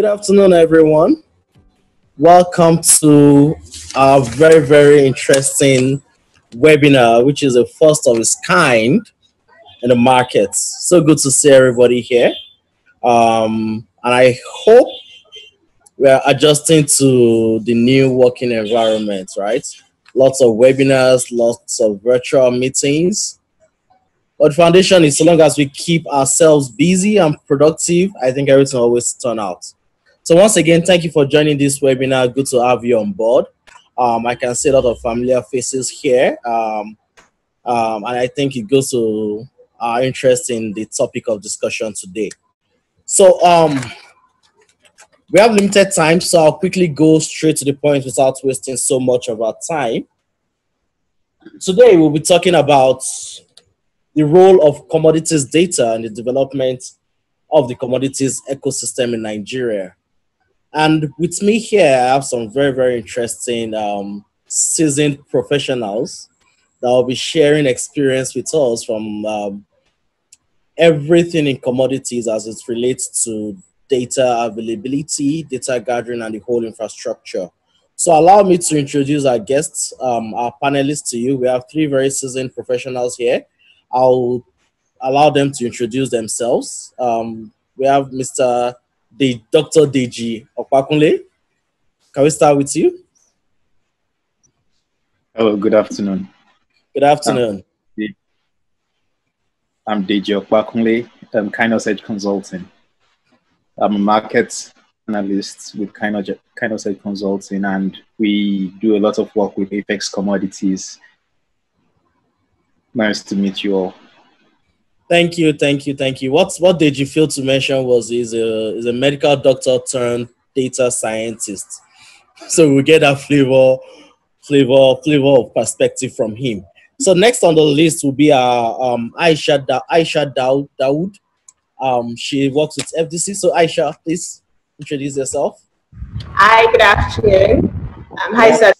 Good afternoon, everyone. Welcome to our very, very interesting webinar, which is a first of its kind in the market. So good to see everybody here. Um, and I hope we are adjusting to the new working environment, right? Lots of webinars, lots of virtual meetings. But foundation is so long as we keep ourselves busy and productive, I think everything always turn out. So once again, thank you for joining this webinar. Good to have you on board. Um, I can see a lot of familiar faces here. Um, um, and I think it goes to our interest in the topic of discussion today. So um, we have limited time, so I'll quickly go straight to the point without wasting so much of our time. Today we'll be talking about the role of commodities data and the development of the commodities ecosystem in Nigeria. And with me here, I have some very, very interesting um, seasoned professionals that will be sharing experience with us from um, everything in commodities as it relates to data availability, data gathering, and the whole infrastructure. So allow me to introduce our guests, um, our panelists to you. We have three very seasoned professionals here. I'll allow them to introduce themselves. Um, we have Mr the Dr. Deji Okwakunle. Can we start with you? Hello, oh, good afternoon. Good afternoon. I'm Deji Okwakunle, I'm um, Kinos Edge Consulting. I'm a market analyst with Kinos, Kinos Edge Consulting, and we do a lot of work with Apex Commodities. Nice to meet you all. Thank you, thank you, thank you. What what did you feel to mention was is a is a medical doctor turned data scientist. So we get a flavor, flavor, flavor of perspective from him. So next on the list will be uh, um, Aisha da- Aisha Daoud. Daoud. Um, she works with FDC. So Aisha, please introduce yourself. Hi, good afternoon. Um, hi, sir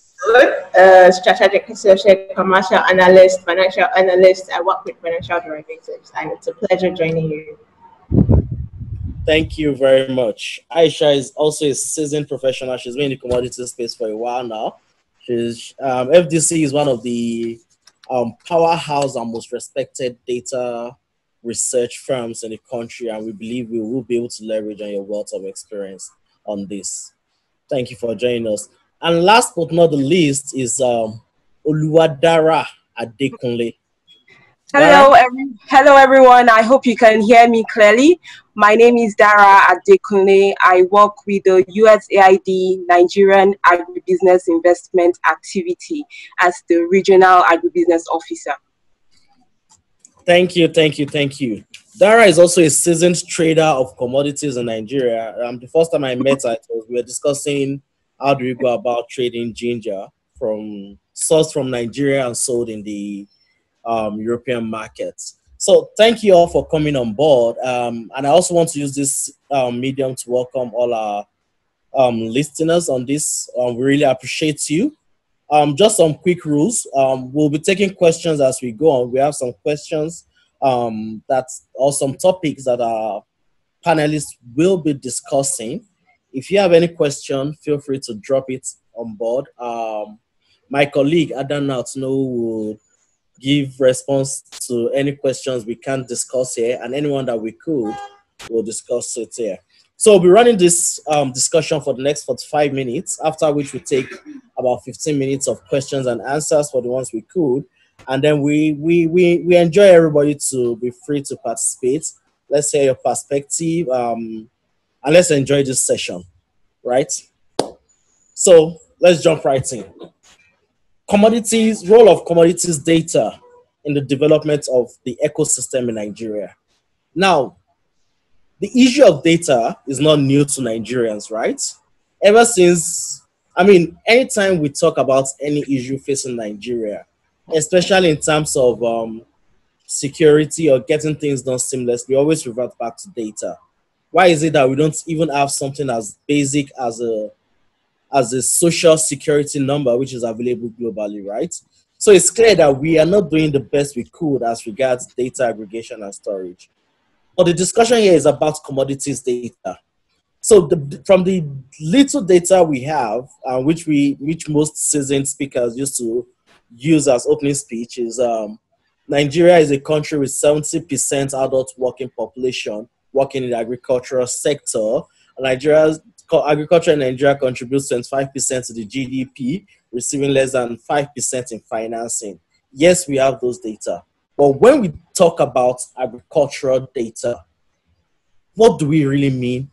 uh, strategic associate, commercial analyst, financial analyst. I work with financial derivatives, and it's a pleasure joining you. Thank you very much. Aisha is also a seasoned professional. She's been in the commodity space for a while now. She's um, FDC is one of the um, powerhouse and most respected data research firms in the country, and we believe we will be able to leverage on your wealth of experience on this. Thank you for joining us. And last but not the least is um, Oluwadara Adekunle. Hello, every, hello everyone. I hope you can hear me clearly. My name is Dara Adekunle. I work with the USAID Nigerian Agribusiness Investment Activity as the Regional Agribusiness Officer. Thank you, thank you, thank you. Dara is also a seasoned trader of commodities in Nigeria. Um, the first time I met her, was, we were discussing how do we go about trading ginger from sourced from Nigeria and sold in the um, European markets? So thank you all for coming on board. Um, and I also want to use this um, medium to welcome all our um, listeners on this. Um, we really appreciate you. Um, just some quick rules. Um, we'll be taking questions as we go on. We have some questions um, that or some topics that our panelists will be discussing if you have any question, feel free to drop it on board. Um, my colleague Adam Nautno will give response to any questions we can't discuss here, and anyone that we could will discuss it here. So we'll be running this um, discussion for the next 45 minutes, after which we take about 15 minutes of questions and answers for the ones we could. And then we, we, we, we enjoy everybody to be free to participate. Let's hear your perspective. Um, and let's enjoy this session, right? So let's jump right in. Commodities, role of commodities data in the development of the ecosystem in Nigeria. Now, the issue of data is not new to Nigerians, right? Ever since, I mean, anytime we talk about any issue facing Nigeria, especially in terms of um, security or getting things done seamlessly, we always revert back to data why is it that we don't even have something as basic as a as a social security number which is available globally right so it's clear that we are not doing the best we could as regards data aggregation and storage but the discussion here is about commodities data so the, from the little data we have uh, which we which most seasoned speakers used to use as opening speech is um, nigeria is a country with 70% adult working population working in the agricultural sector. Nigeria's agriculture in Nigeria contributes 25% to the GDP, receiving less than 5% in financing. Yes, we have those data. But when we talk about agricultural data, what do we really mean?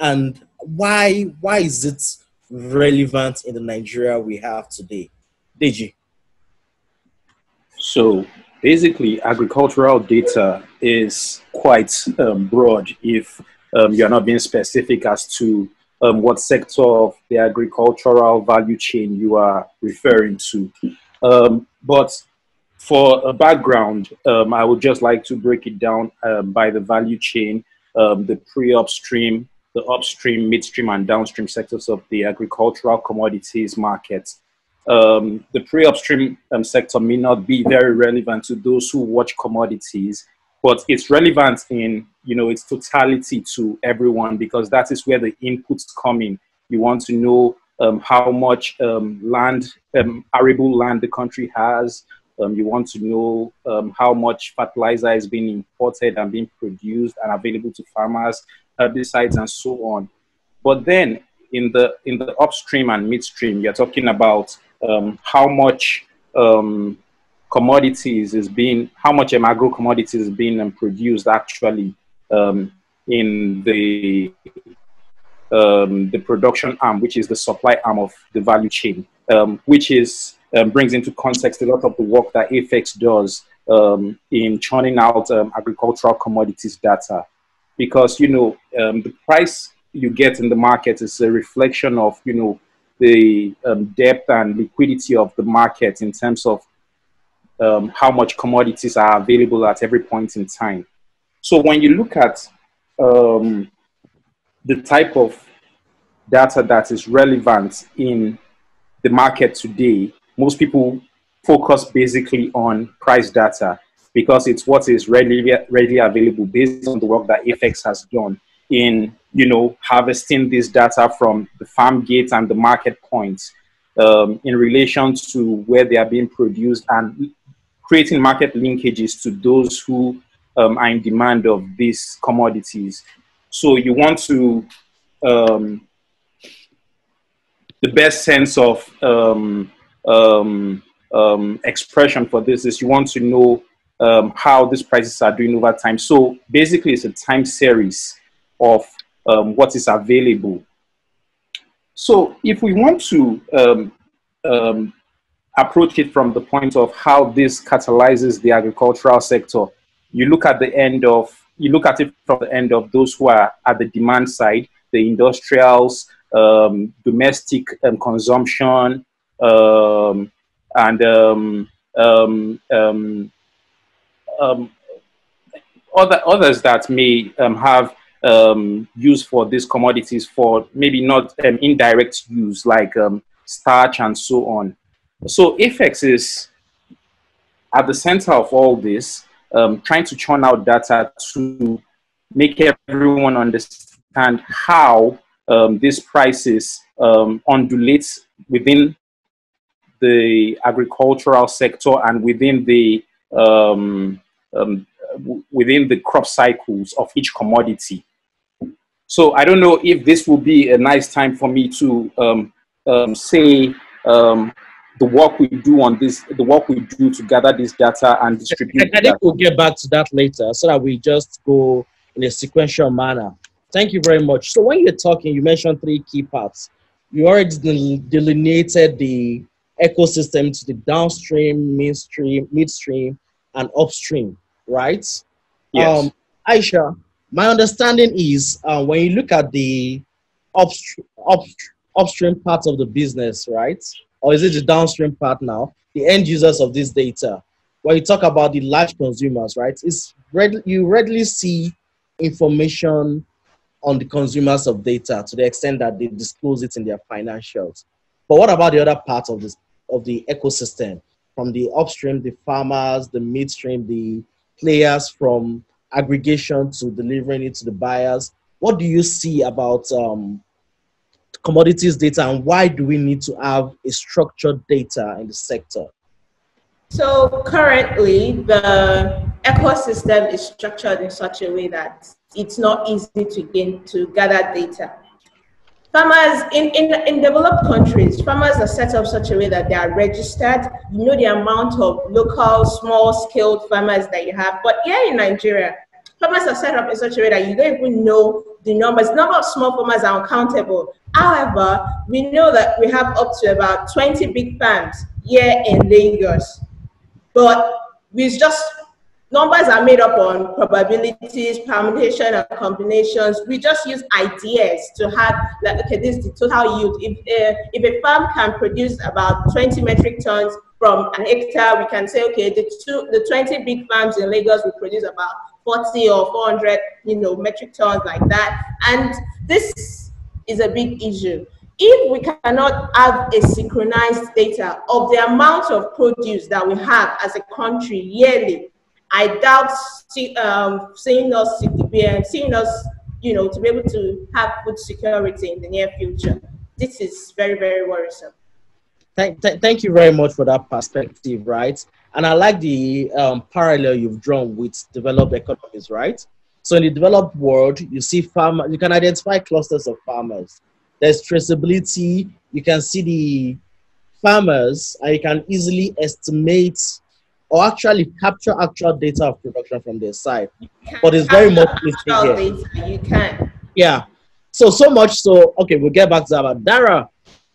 And why, why is it relevant in the Nigeria we have today? Deji. So basically, agricultural data is quite um, broad if um, you're not being specific as to um, what sector of the agricultural value chain you are referring to. Um, but for a background, um, I would just like to break it down um, by the value chain, the pre-upstream, the upstream, midstream, and downstream sectors of the agricultural commodities market. Um, the pre-upstream um, sector may not be very relevant to those who watch commodities but it's relevant in you know its totality to everyone because that is where the inputs come in. You want to know um, how much um, land, um, arable land the country has. Um, you want to know um, how much fertilizer is being imported and being produced and available to farmers, herbicides, and so on. But then in the in the upstream and midstream, you're talking about um, how much commodities is being, how much agro commodities is being produced actually um, in the um, the production arm, which is the supply arm of the value chain, um, which is um, brings into context a lot of the work that AFEX does um, in churning out um, agricultural commodities data, because you know the price you get in the market is a reflection of you know the depth and liquidity of the market in terms of um, how much commodities are available at every point in time. So when you look at um, the type of data that is relevant in the market today, most people focus basically on price data because it's what is readily, readily available based on the work that FX has done in, you know, harvesting this data from the farm gate and the market points um, in relation to where they are being produced and creating market linkages to those who um, are in demand of these commodities. So you want to um, the best sense of um, um, um, expression for this is you want to know how these prices are doing over time. So basically, it's a time series of what is available. So if we want to approach it from the point of how this catalyzes the agricultural sector. You look at the end of, you look at it from the end of those who are at the demand side, the industrials, um, domestic um, consumption, um, and um, um, um, other, others that may have use for these commodities for maybe not indirect use like starch and so on. So Apex is at the center of all this, um, trying to churn out data to make everyone understand how um, these prices um, within the agricultural sector and within the um, um within the crop cycles of each commodity. So I don't know if this will be a nice time for me to um, um, say the work we do on this, the work we do to gather this data and distribute. I, I think we'll get back to that later so that we just go in a sequential manner. Thank you very much. So when you're talking, you mentioned three key parts. You already delineated the ecosystem to the downstream, midstream, midstream, and upstream, right? Yes. Um, Aisha, my understanding is uh, when you look at the upstream, upstream part of the business, right? or is it the downstream part now, the end users of this data? When you talk about the large consumers, right? It's you readily see information on the consumers of data to the extent that they disclose it in their financials. But what about the other part of this of the ecosystem? From the upstream, the farmers, the midstream, the players from aggregation to delivering it to the buyers. What do you see about um, commodities data and why do we need to have a structured data in the sector? So currently the ecosystem is structured in such a way that it's not easy to gain to gather data. Farmers in, in, in developed countries, farmers are set up such a way that they are registered. You know the amount of local, small scale farmers that you have. But here in Nigeria, farmers are set up in such a way that you don't even know the numbers. The number of small farmers are uncountable. However, we know that we have up to about 20 big farms here in Lagos. But we just, numbers are made up on probabilities, permutation, and combinations. We just use ideas to have, like, okay, this is the total yield. If, uh, if a farm can produce about 20 metric tons from an hectare, we can say, okay, the, two, the 20 big farms in Lagos will produce about 40 or 400, you know, metric tons like that. And this is a big issue. If we cannot have a synchronized data of the amount of produce that we have as a country yearly, I doubt see, um, seeing us um, seeing us, you know, to be able to have food security in the near future. This is very, very worrisome. Thank, th thank you very much for that perspective, right? And I like the um, parallel you've drawn with developed economies, right? So in the developed world, you see farmers. you can identify clusters of farmers. There's traceability. You can see the farmers, and you can easily estimate or actually capture actual data of production from their side. But it's very much here. you can. Yeah. So so much so. Okay, we'll get back to that. Dara,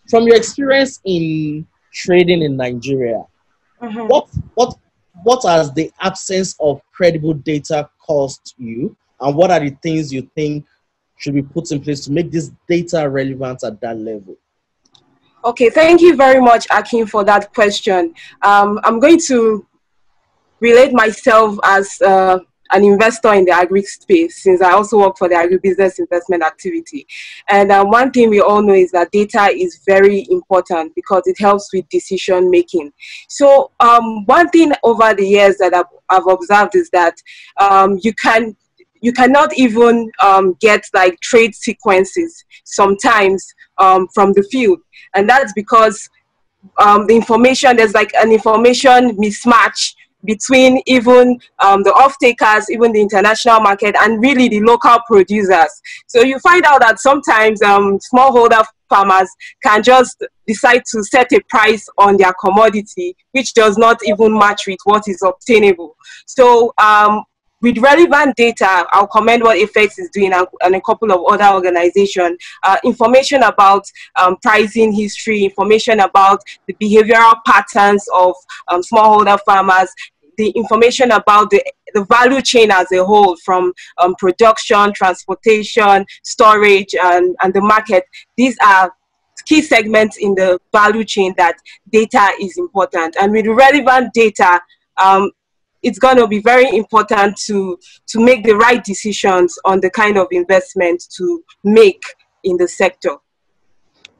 from your experience in trading in Nigeria, uh mm-hmm. -huh. what what what has the absence of credible data cost you? And what are the things you think should be put in place to make this data relevant at that level? Okay, thank you very much, Akin, for that question. Um, I'm going to relate myself as uh, an investor in the agri space since I also work for the agribusiness investment activity. And um, one thing we all know is that data is very important because it helps with decision making. So um, one thing over the years that I've, I've observed is that um, you can you cannot even um, get like trade sequences sometimes um, from the field, and that's because the information there's like an information mismatch between even um, the off-takers, even the international market, and really the local producers. So you find out that sometimes um, smallholder farmers can just decide to set a price on their commodity, which does not even match with what is obtainable. So um, with relevant data, I'll commend what Effects is doing and, and a couple of other organizations. Uh, information about um, pricing history, information about the behavioral patterns of um, smallholder farmers, the information about the, the value chain as a whole from um, production, transportation, storage, and, and the market. These are key segments in the value chain that data is important. And with relevant data, um, it's going to be very important to to make the right decisions on the kind of investment to make in the sector.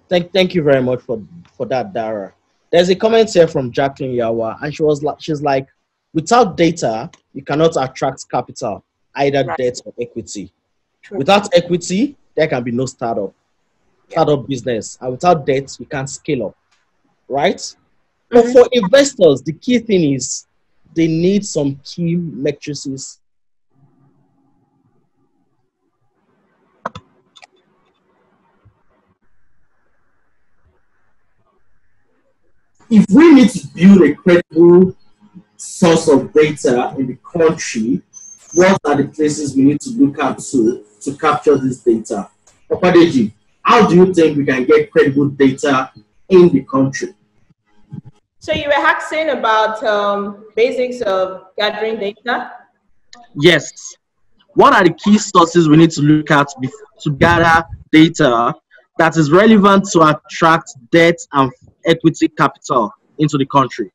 Thank, thank you very much for, for that, Dara. There's a comment here from Jacqueline Yawa, and she was she's like, without data, you cannot attract capital, either right. debt or equity. True. Without equity, there can be no startup, startup yeah. business, and without debt, you can't scale up, right? Mm-hmm. But for investors, the key thing is they need some key matrices. If we need to build a credible source of data in the country, what are the places we need to look at to, to capture this data? Opadeji, how do you think we can get credible data in the country? So you were asking about um, basics of gathering data? Yes. What are the key sources we need to look at to gather data that is relevant to attract debt and equity capital into the country?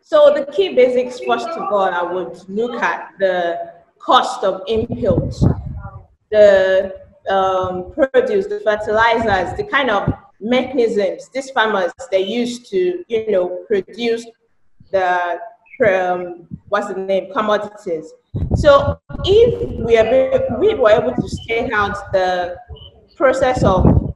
So the key basics, first of all, I would look at the cost of inputs, the um, produce, the fertilizers, the kind of mechanisms these farmers they use to you know produce the um, what's the name commodities so if we are we were able to stay out the process of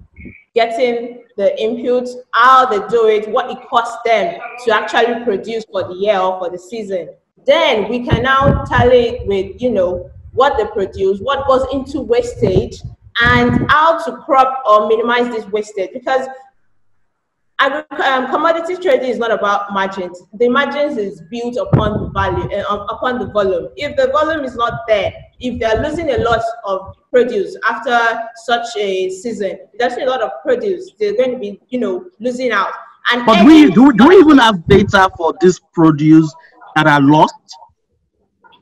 getting the inputs how they do it what it costs them to actually produce for the year or for the season then we can now tally with you know what they produce what goes into wastage and how to crop or minimize this wastage because um, commodity trading is not about margins. The margins is built upon the value and uh, um, upon the volume. If the volume is not there, if they are losing a lot of produce after such a season, there's a lot of produce. They're going to be, you know, losing out. And but we do, do we even have data for this produce that are lost?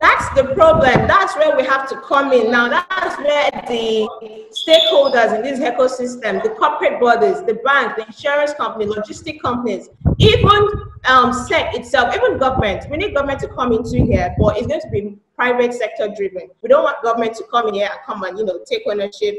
That's the problem. That's where we have to come in now. That's where the stakeholders in this ecosystem, the corporate bodies, the bank, the insurance company, logistic companies, even um, SEC itself, even government. We need government to come into here, but it's going to be private sector driven. We don't want government to come in here and come and you know take ownership,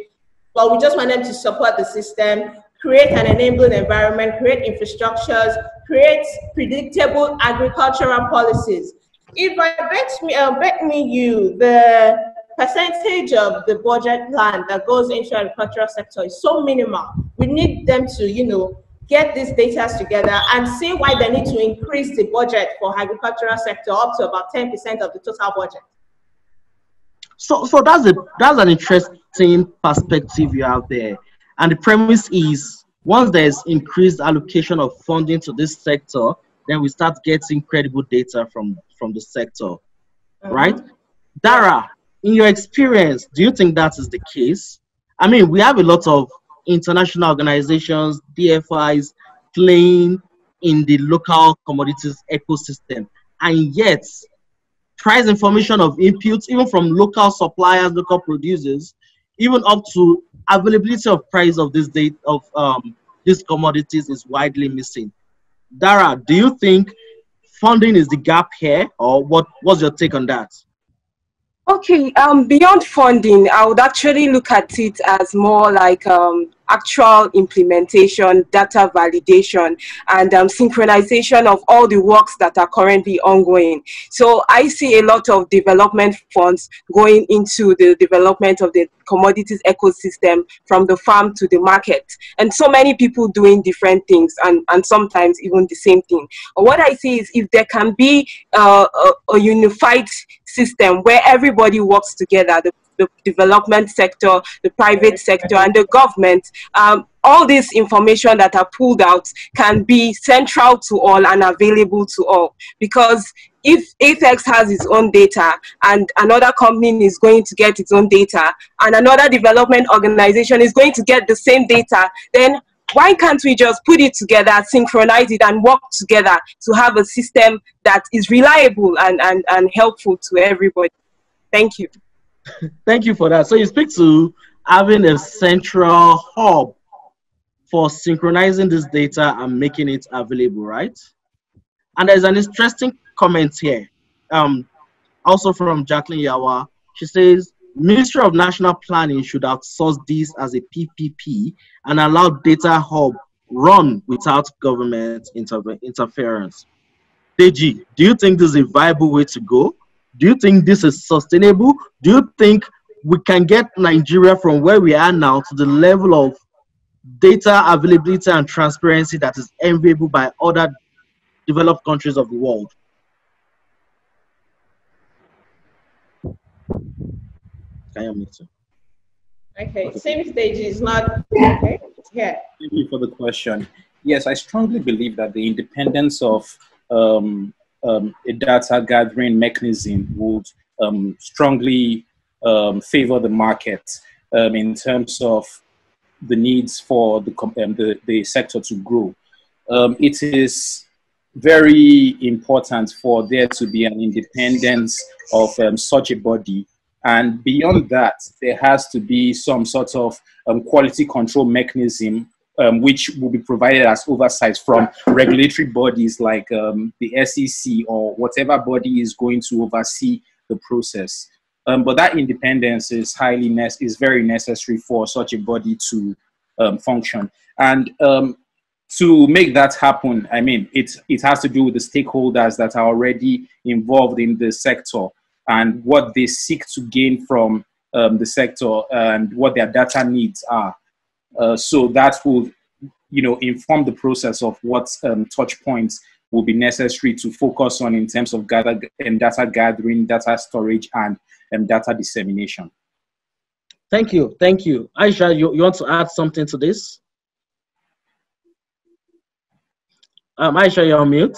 but we just want them to support the system, create an enabling environment, create infrastructures, create predictable agricultural policies if I bet me, uh, bet me you the percentage of the budget plan that goes into agricultural sector is so minimal. We need them to, you know, get these data together and see why they need to increase the budget for agricultural sector up to about 10% of the total budget. So, so that's, a, that's an interesting perspective you have there. And the premise is once there's increased allocation of funding to this sector, then we start getting credible data from from the sector, uh-huh. right? Dara, in your experience, do you think that is the case? I mean, we have a lot of international organizations, DFIs, playing in the local commodities ecosystem, and yet price information of inputs, even from local suppliers, local producers, even up to availability of price of this date of um, these commodities is widely missing. Dara, do you think funding is the gap here, or what? What's your take on that? Okay, um, beyond funding, I would actually look at it as more like um, actual implementation, data validation, and um, synchronization of all the works that are currently ongoing. So I see a lot of development funds going into the development of the commodities ecosystem from the farm to the market. And so many people doing different things and, and sometimes even the same thing. What I see is if there can be uh, a, a unified system where everybody works together, the the development sector, the private sector, and the government. Um, all this information that are pulled out can be central to all and available to all because if Apex has its own data and another company is going to get its own data and another development organization is going to get the same data, then why can't we just put it together, synchronize it, and work together to have a system that is reliable and, and, and helpful to everybody? Thank you. Thank you for that. So you speak to having a central hub for synchronizing this data and making it available, right? And there's an interesting comment here, um, also from Jacqueline Yawa. She says, Ministry of National Planning should outsource this as a PPP and allow data hub run without government inter interference. Deji, do you think this is a viable way to go? Do you think this is sustainable? Do you think we can get Nigeria from where we are now to the level of data availability and transparency that is enviable by other developed countries of the world? Okay, same stage is not okay. Yeah. Thank you for the question. Yes, I strongly believe that the independence of um, um, a data gathering mechanism would um, strongly um, favor the market um, in terms of the needs for the, um, the, the, sector to grow. Um, it is very important for there to be an independence of such a body. And beyond that, there has to be some sort of quality control mechanism um, which will be provided as oversight from regulatory bodies like um, the SEC or whatever body is going to oversee the process. Um, but that independence is highly is very necessary for such a body to um, function. And um, to make that happen, I mean, it, it has to do with the stakeholders that are already involved in the sector and what they seek to gain from um, the sector and what their data needs are. Uh, so that will, you know, inform the process of what um, touch points will be necessary to focus on in terms of gather, um, data gathering, data storage, and um, data dissemination. Thank you. Thank you. Aisha, you, you want to add something to this? Um, Aisha, you're on mute.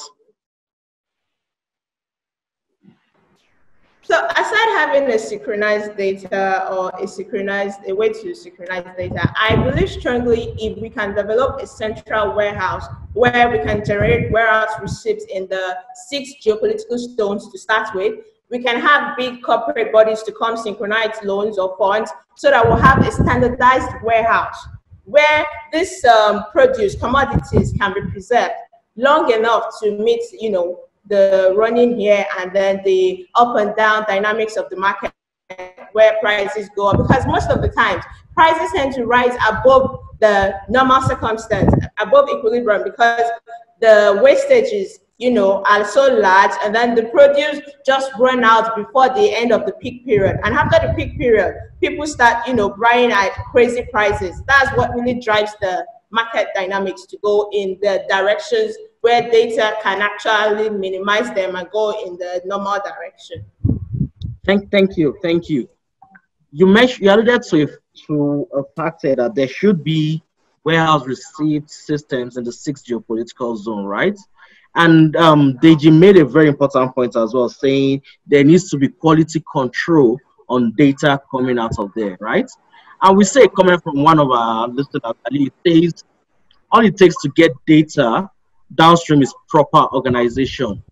So aside having a synchronized data or a synchronized, a way to synchronize data, I believe strongly if we can develop a central warehouse where we can generate warehouse receipts in the six geopolitical zones to start with, we can have big corporate bodies to come synchronize loans or funds so that we'll have a standardized warehouse where this um, produce, commodities can be preserved long enough to meet, you know, the running here and then the up and down dynamics of the market where prices go up because most of the times prices tend to rise above the normal circumstance above equilibrium because the wastages you know are so large and then the produce just run out before the end of the peak period and after the peak period people start you know buying at crazy prices that's what really drives the market dynamics to go in the directions where data can actually minimize them and go in the normal direction. Thank, thank you, thank you. You mentioned you alluded to a, to a fact that there should be warehouse received systems in the sixth geopolitical zone, right? And um, Deji made a very important point as well, saying there needs to be quality control on data coming out of there, right? And we say, coming from one of our listeners, it says all it takes to get data downstream is proper organization.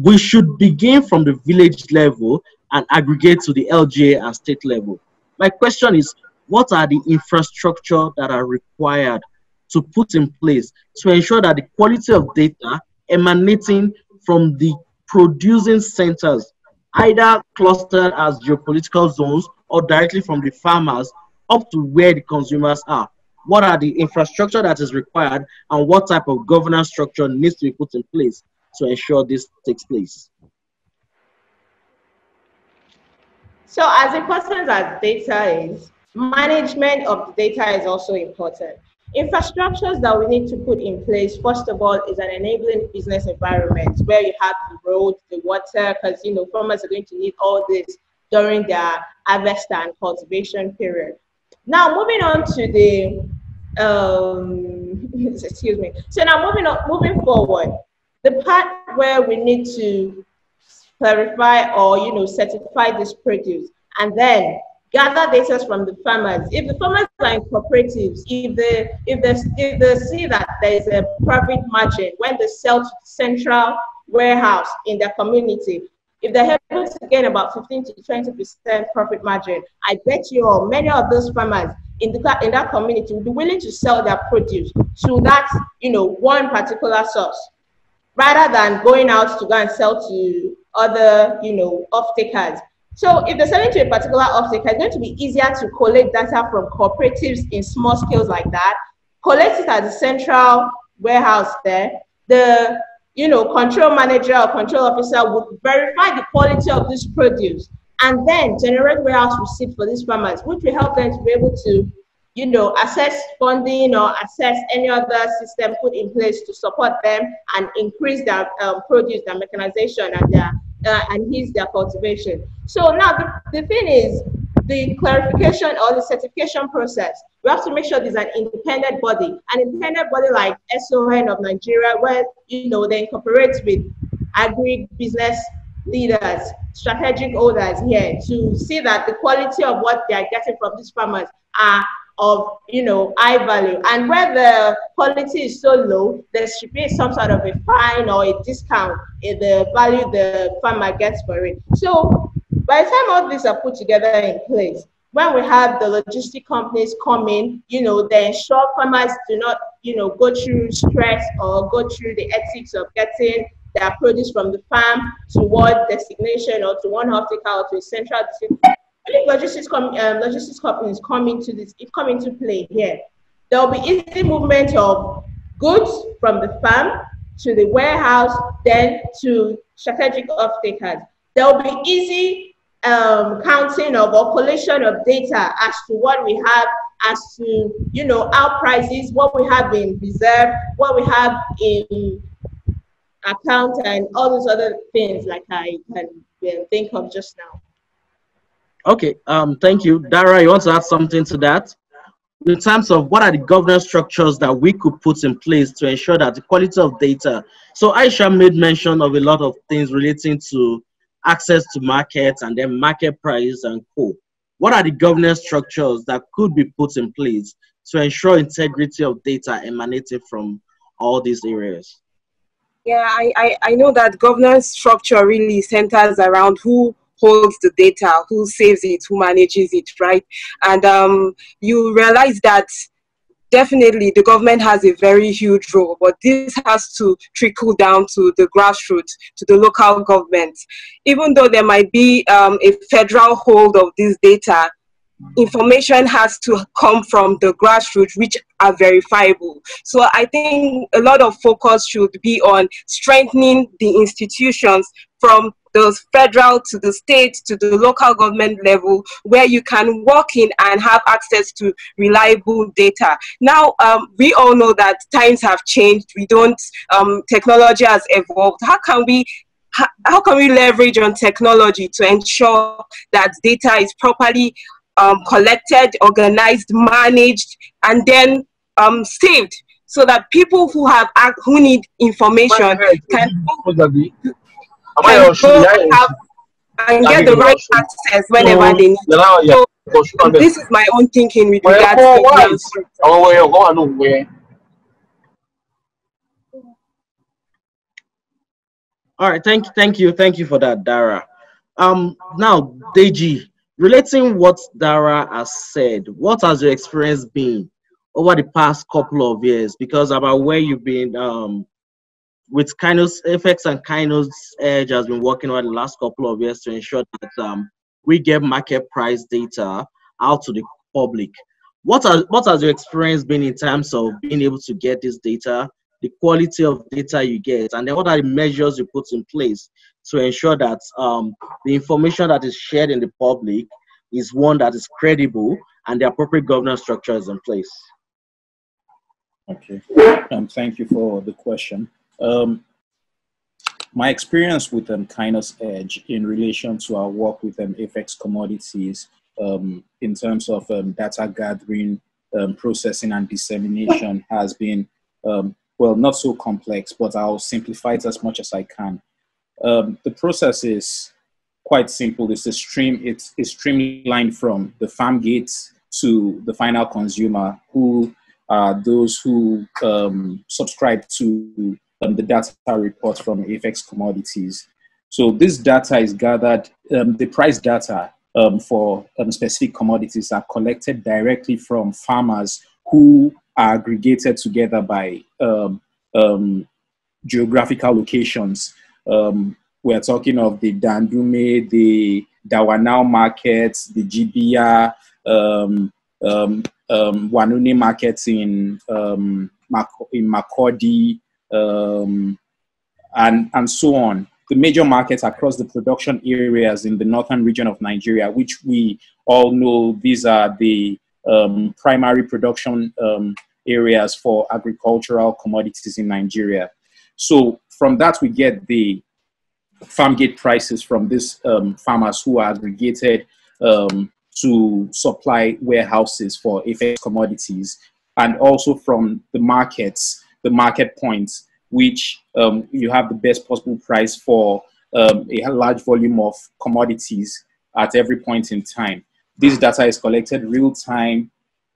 We should begin from the village level and aggregate to the LGA and state level. My question is, what are the infrastructure that are required to put in place to ensure that the quality of data emanating from the producing centers, either clustered as geopolitical zones or directly from the farmers up to where the consumers are, what are the infrastructure that is required and what type of governance structure needs to be put in place to ensure this takes place. So as important as data is, management of the data is also important. Infrastructures that we need to put in place, first of all, is an enabling business environment where you have the road, the water, because you know farmers are going to need all this during their harvest and cultivation period. Now moving on to the um, excuse me. So now moving on, moving forward, the part where we need to clarify or you know certify this produce, and then gather data from the farmers. If the farmers are in cooperatives, if they if they if they see that there is a profit margin when they sell to the central warehouse in their community, if they're able to gain about 15 to 20% profit margin, I bet you all, many of those farmers in, the, in that community will be willing to sell their produce to that, you know, one particular source rather than going out to go and sell to other, you know, off-takers. So if they're selling to a particular off-taker, it's going to be easier to collect data from cooperatives in small scales like that, collect it at the central warehouse there. The you know, control manager or control officer would verify the quality of this produce and then generate warehouse receipts for these farmers, which will help them to be able to, you know, assess funding or assess any other system put in place to support them and increase their um, produce, their mechanization, and their uh, and ease their cultivation. So now the, the thing is, the clarification or the certification process, we have to make sure there's an independent body, an independent body like SON of Nigeria, where you know they incorporate with agri business leaders, strategic owners here to see that the quality of what they are getting from these farmers are of you know high value. And where the quality is so low, there should be some sort of a fine or a discount in the value the farmer gets for it. So by the time all these are put together in place, when we have the logistic companies coming, you know, they ensure farmers do not, you know, go through stress or go through the ethics of getting their produce from the farm toward destination or to one horticulture to a central district. logistics, com- um, logistics companies come into this, it come into play here. There will be easy movement of goods from the farm to the warehouse, then to strategic off-takers. There will be easy um, counting of or collation of data as to what we have, as to you know our prices, what we have in reserve, what we have in account, and all those other things like I can think of just now. Okay, um, thank you, Dara. You want to add something to that? in terms of what are the governance structures that we could put in place to ensure that the quality of data. So Aisha made mention of a lot of things relating to access to markets, and then market price and co. What are the governance structures that could be put in place to ensure integrity of data emanating from all these areas? Yeah, I, I, I know that governance structure really centers around who holds the data, who saves it, who manages it, right? And um, you realize that definitely the government has a very huge role, but this has to trickle down to the grassroots, to the local government. Even though there might be um, a federal hold of this data, information has to come from the grassroots, which are verifiable. So I think a lot of focus should be on strengthening the institutions from the federal to the state to the local government level, where you can walk in and have access to reliable data. Now, um, we all know that times have changed. We don't, um, technology has evolved. How can we how can we leverage on technology to ensure that data is properly um, collected, organized, managed, and then um, saved so that people who have who need information can and, have, and get the right answers whenever oh, they need. So, this is my own thinking with regards to the All right, thank you, thank you, thank you for that, Dara. Um, now Deji, relating what Dara has said, what has your experience been over the past couple of years? Because about where you've been um with Kinos FX and Kinos Edge has been working over the last couple of years to ensure that um, we get market price data out to the public. What are what has your experience been in terms of being able to get this data, the quality of data you get, and then what are the measures you put in place to ensure that um, the information that is shared in the public is one that is credible and the appropriate governance structure is in place? Okay, um, thank you for the question. Um, my experience with um, Kindness Edge in relation to our work with um, FX commodities um, in terms of um, data gathering, um, processing, and dissemination has been, um, well, not so complex, but I'll simplify it as much as I can. Um, the process is quite simple. It's a stream, it's, it's streamlined from the farm gate to the final consumer, who are those who subscribe to um, the data report from AFX Commodities. So this data is gathered, um, the price data um, for um, specific commodities are collected directly from farmers who are aggregated together by um, um, geographical locations. we're talking of the Dandume, the Dawanau markets, the GBR Wanune markets in, in Makodi, um, and, and so on. The major markets across the production areas in the northern region of Nigeria, which we all know these are the um, primary production um, areas for agricultural commodities in Nigeria. So from that, we get the farm gate prices from these um, farmers who are aggregated um, to supply warehouses for FX commodities and also from the markets the market points, which um, you have the best possible price for um, a large volume of commodities at every point in time. This data is collected real time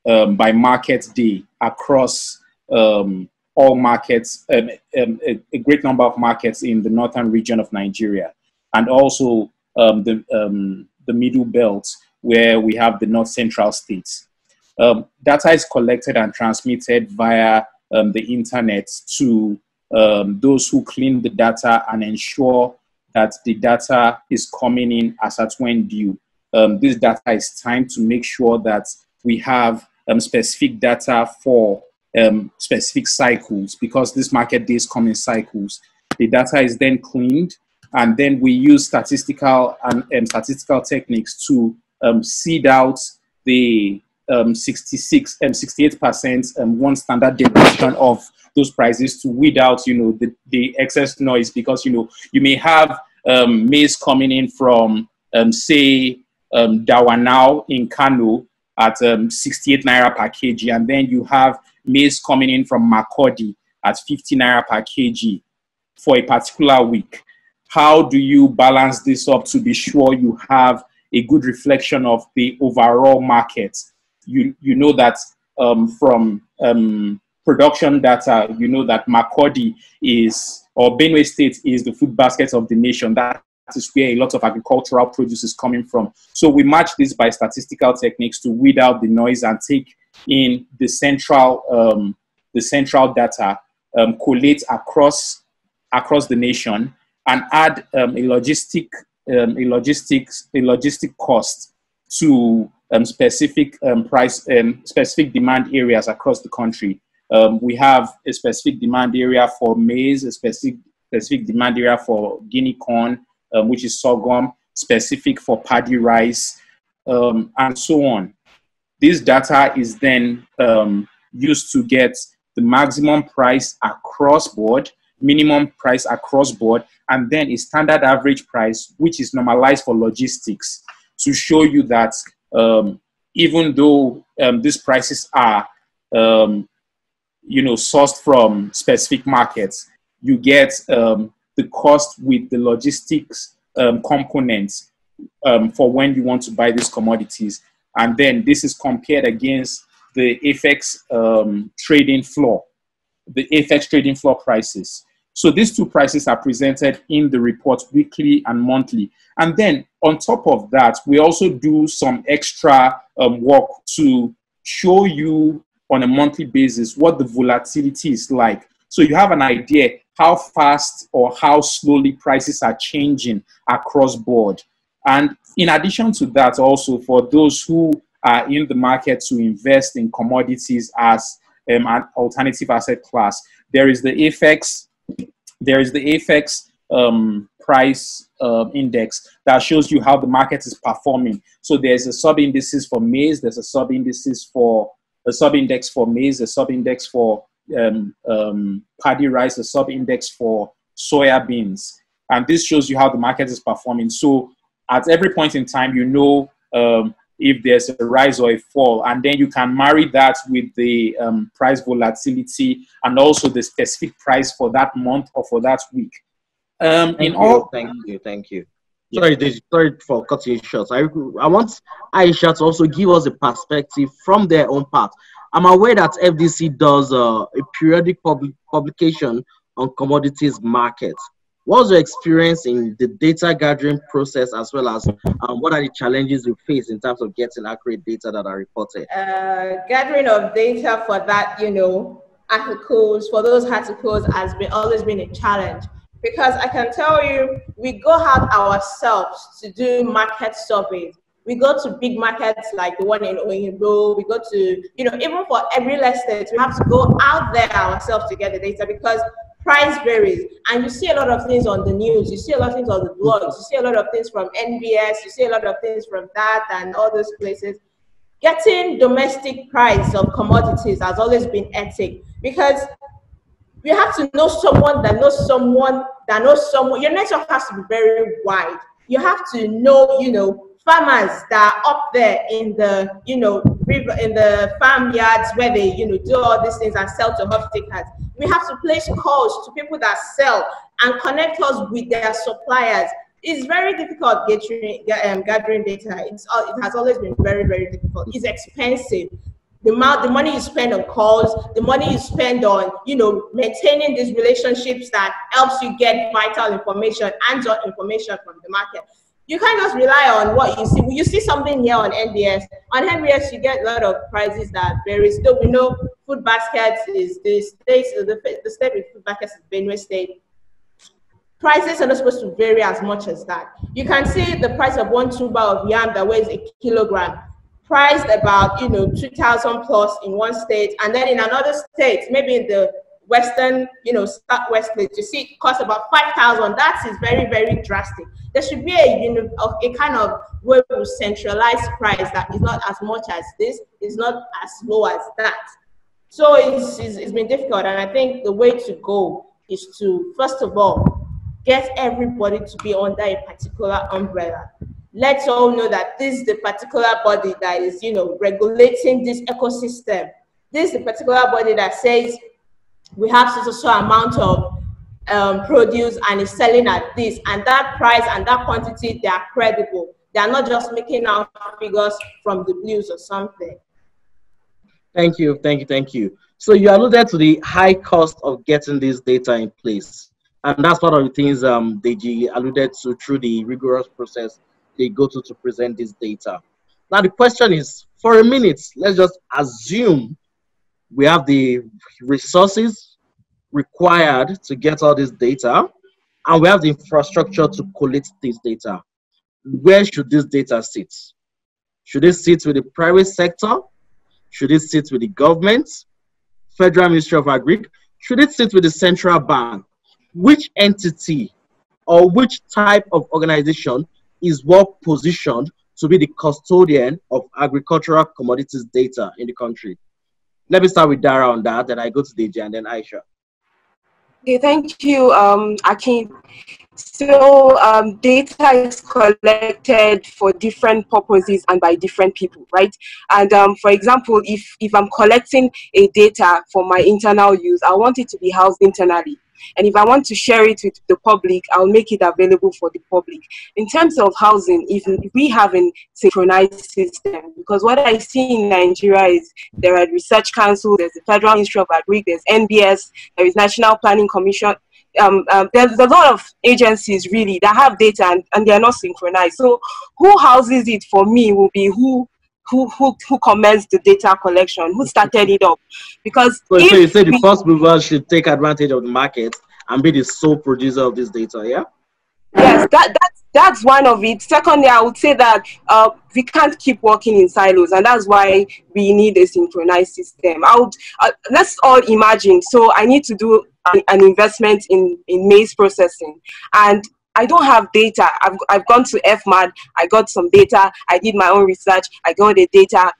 um, by market day across um, all markets, um, um, a, a, great number of markets in the northern region of Nigeria, and also the, the middle belt where we have the north central states. data is collected and transmitted via um, the internet to um, those who clean the data and ensure that the data is coming in as at when due. Um, this data is time to make sure that we have um, specific data for um, specific cycles because these market days come in cycles. The data is then cleaned and then we use statistical and, and um, statistical techniques to seed out the um, 66 and 68 percent um, one standard deviation of those prices to weed out you know the, the excess noise because you know you may have um, maize coming in from um, say um, Dawanau in Kano at um, 68 naira per kg and then you have maize coming in from Makodi at 50 naira per kg for a particular week. How do you balance this up to be sure you have a good reflection of the overall market you, you know that um, from um, production data, uh, you know that Makodi is, or Benue State is the food basket of the nation. That is where a lot of agricultural produce is coming from. So we match this by statistical techniques to weed out the noise and take in the central, um, the central data, um, collate across, across the nation and add um, a logistic, um, a logistics, a logistic cost to um, specific um, price and um, specific demand areas across the country. we have a specific demand area for maize, a specific specific demand area for guinea corn, um, which is sorghum, specific for paddy rice, um, and so on. This data is then um, used to get the maximum price across board, minimum price across board, and then a standard average price, which is normalized for logistics to show you that um, even though um, these prices are, um, you know, sourced from specific markets, you get um, the cost with the logistics um, components um, for when you want to buy these commodities. And then this is compared against the FX trading floor, the FX trading floor prices. So these two prices are presented in the report weekly and monthly. And then on top of that, we also do some extra um, work to show you on a monthly basis what the volatility is like. So you have an idea how fast or how slowly prices are changing across board. And in addition to that, also for those who are in the market to invest in commodities as um, an alternative asset class, there is the FX there is the AFEX um, price uh, index that shows you how the market is performing. So there's a sub indices for maize, there's a sub indices for a sub index for maize, a sub index for um, um, paddy rice, a sub index for soya beans, and this shows you how the market is performing. So at every point in time, you know um, if there's a rise or a fall. And then you can marry that with the um, price volatility and also the specific price for that month or for that week. Um, thank in you, all, thank you, thank you. Sorry, this, sorry for cutting short. I, I want Aisha to also give us a perspective from their own part. I'm aware that FDC does uh, a periodic pub- publication on commodities markets. What's your experience in the data gathering process as well as um, what are the challenges you face in terms of getting accurate data that are reported? Uh, gathering of data for that, you know, articles, for those articles has been always been a challenge because I can tell you, we go out ourselves to do market surveys. We go to big markets like the one in Oyinbo. We go to, you know, even for every estate, we have to go out there ourselves to get the data because price varies. And you see a lot of things on the news, you see a lot of things on the blogs, you see a lot of things from NBS, you see a lot of things from that and all those places. Getting domestic price of commodities has always been ethic because you have to know someone that knows someone that knows someone. Your network has to be very wide. You have to know, you know, farmers that are up there in the, you know, river in the farm yards where they, you know, do all these things and sell to off takers we have to place calls to people that sell and connect us with their suppliers. It's very difficult gathering, um, gathering data. It's, uh, it has always been very, very difficult. It's expensive. The, amount, the money you spend on calls, the money you spend on, you know, maintaining these relationships that helps you get vital information and information from the market you can't just rely on what you see. You see something here on NBS. On NBS, you get a lot of prizes that vary. Still, we know food baskets is the state, the, the state with food baskets is Benue State. Prices are not supposed to vary as much as that. You can see the price of one tuber of yam that weighs a kilogram, priced about you know 2,000 plus in one state, and then in another state, maybe in the Western, you know, Southwest you see it costs about 5,000. That is very, very drastic. There should be a, you know, a kind of where centralized price that is not as much as this, is not as low as that. So it's, it's, it's been difficult. And I think the way to go is to, first of all, get everybody to be under a particular umbrella. Let's all know that this is the particular body that is, you know, regulating this ecosystem. This is the particular body that says we have so, so, so amount of um, produce and is selling at this and that price and that quantity, they are credible. They are not just making out figures from the news or something. Thank you, thank you, thank you. So you alluded to the high cost of getting this data in place. And that's one of the things um, alluded to through the rigorous process they go to to present this data. Now the question is, for a minute, let's just assume we have the resources required to get all this data, and we have the infrastructure to collect this data. Where should this data sit? Should it sit with the private sector? Should it sit with the government, Federal Ministry of Agri? Should it sit with the central bank? Which entity or which type of organization is well positioned to be the custodian of agricultural commodities data in the country? let me start with Dara on that, then I go to Deji and then Aisha. Okay, thank you, um, Akin. So um, data is collected for different purposes and by different people, right? And um, for example, if, if I'm collecting a data for my internal use, I want it to be housed internally. And if I want to share it with the public, I'll make it available for the public. In terms of housing, if we have a synchronized system, because what I see in Nigeria is there are research councils, there's the Federal Ministry of Agri, there's NBS, there is National Planning Commission, um, um, there's a lot of agencies really that have data and, and they are not synchronized. So who houses it for me will be who who who who commenced the data collection, who started it up, because so, so you say the first mover should take advantage of the market and be the sole producer of this data, yeah? Yes, that that's that's one of it. Secondly, I would say that uh, we can't keep working in silos, and that's why we need a synchronized system. I would uh, let's all imagine. So I need to do an, an investment in in maize processing, and I don't have data. I've, I've gone to FMAD, I got some data, I did my own research, I got the data.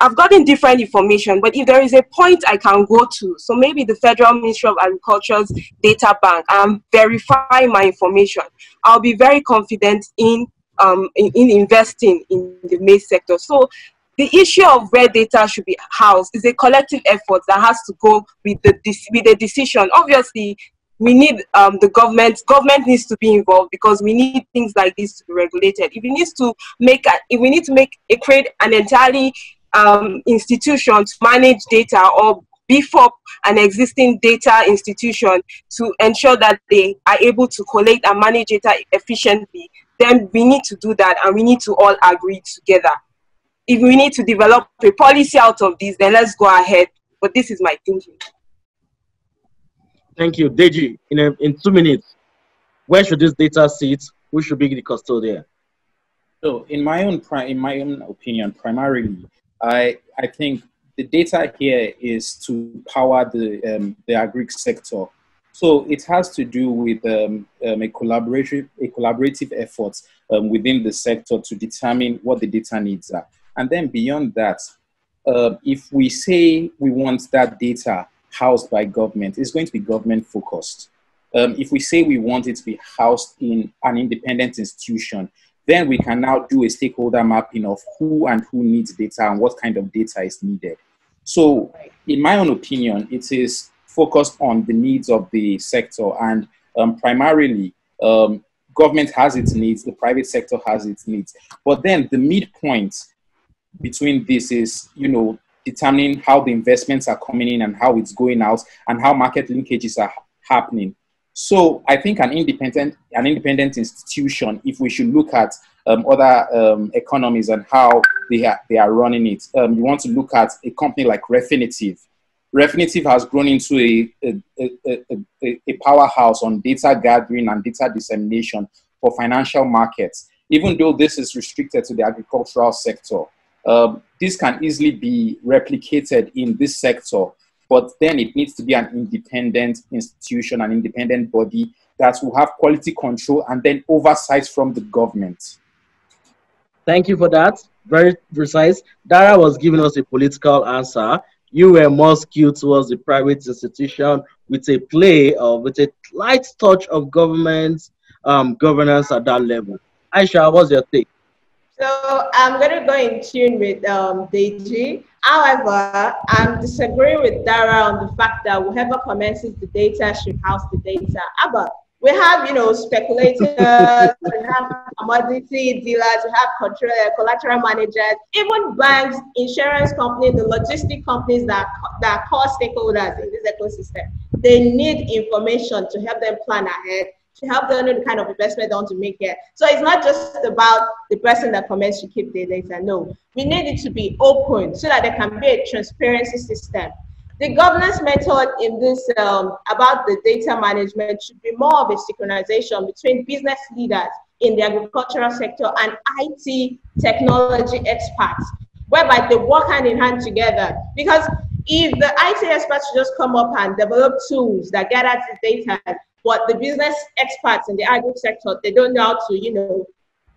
I've gotten different information, but if there is a point I can go to, so maybe the Federal Ministry of Agriculture's data bank, I'm um, verifying my information. I'll be very confident in, um, in, in investing in the maize sector. So the issue of where data should be housed is a collective effort that has to go with the, with the decision. Obviously, we need um, the government. Government needs to be involved because we need things like this to be regulated. If we need to make, a, if we need to make a, eh, create an entirely um, institution to manage data or beef up an existing data institution to ensure that they are able to collect and manage data efficiently, then we need to do that and we need to all agree together. If we need to develop a policy out of this, then let's go ahead. But this is my thinking. Thank you, Deji. In, a, in two minutes, where should this data sit? Who should be the custodian? So, in my own in my own opinion, primarily, I I think the data here is to power the um, the agri sector. So it has to do with um, um, a collaborative a collaborative effort um, within the sector to determine what the data needs are, and then beyond that, uh, if we say we want that data housed by government is going to be government focused. Um, if we say we want it to be housed in an independent institution, then we can now do a stakeholder mapping of who and who needs data and what kind of data is needed. So, in my own opinion, it is focused on the needs of the sector and um, primarily um, government has its needs, the private sector has its needs. But then the midpoint between this is, you know, determining how the investments are coming in and how it's going out and how market linkages are happening. So I think an independent, an independent institution, if we should look at um, other um, economies and how they are, they are running it, um, you want to look at a company like Refinitiv. Refinitiv has grown into a, a, a, a powerhouse on data gathering and data dissemination for financial markets, even though this is restricted to the agricultural sector. Um, this can easily be replicated in this sector, but then it needs to be an independent institution, an independent body that will have quality control and then oversight from the government. Thank you for that. Very precise. Dara was giving us a political answer. You were more skewed towards the private institution with a play or with a light touch of government um, governance at that level. Aisha, what's your take? So I'm going to go in tune with um, Deji. However, I'm disagreeing with Dara on the fact that whoever commences the data should house the data. Abba, we have, you know, speculators, we have commodity dealers, we have control, uh, collateral managers, even banks, insurance companies, the logistic companies that, that are core stakeholders in this ecosystem. They need information to help them plan ahead to help them know the kind of investment they want to make here. So it's not just about the person that comments to keep their data. No, we need it to be open so that there can be a transparency system. The governance method in this um, about the data management should be more of a synchronization between business leaders in the agricultural sector and IT technology experts, whereby they work hand in hand together. Because if the IT experts just come up and develop tools that gather the data, but the business experts in the agri sector, they don't know how to, you know,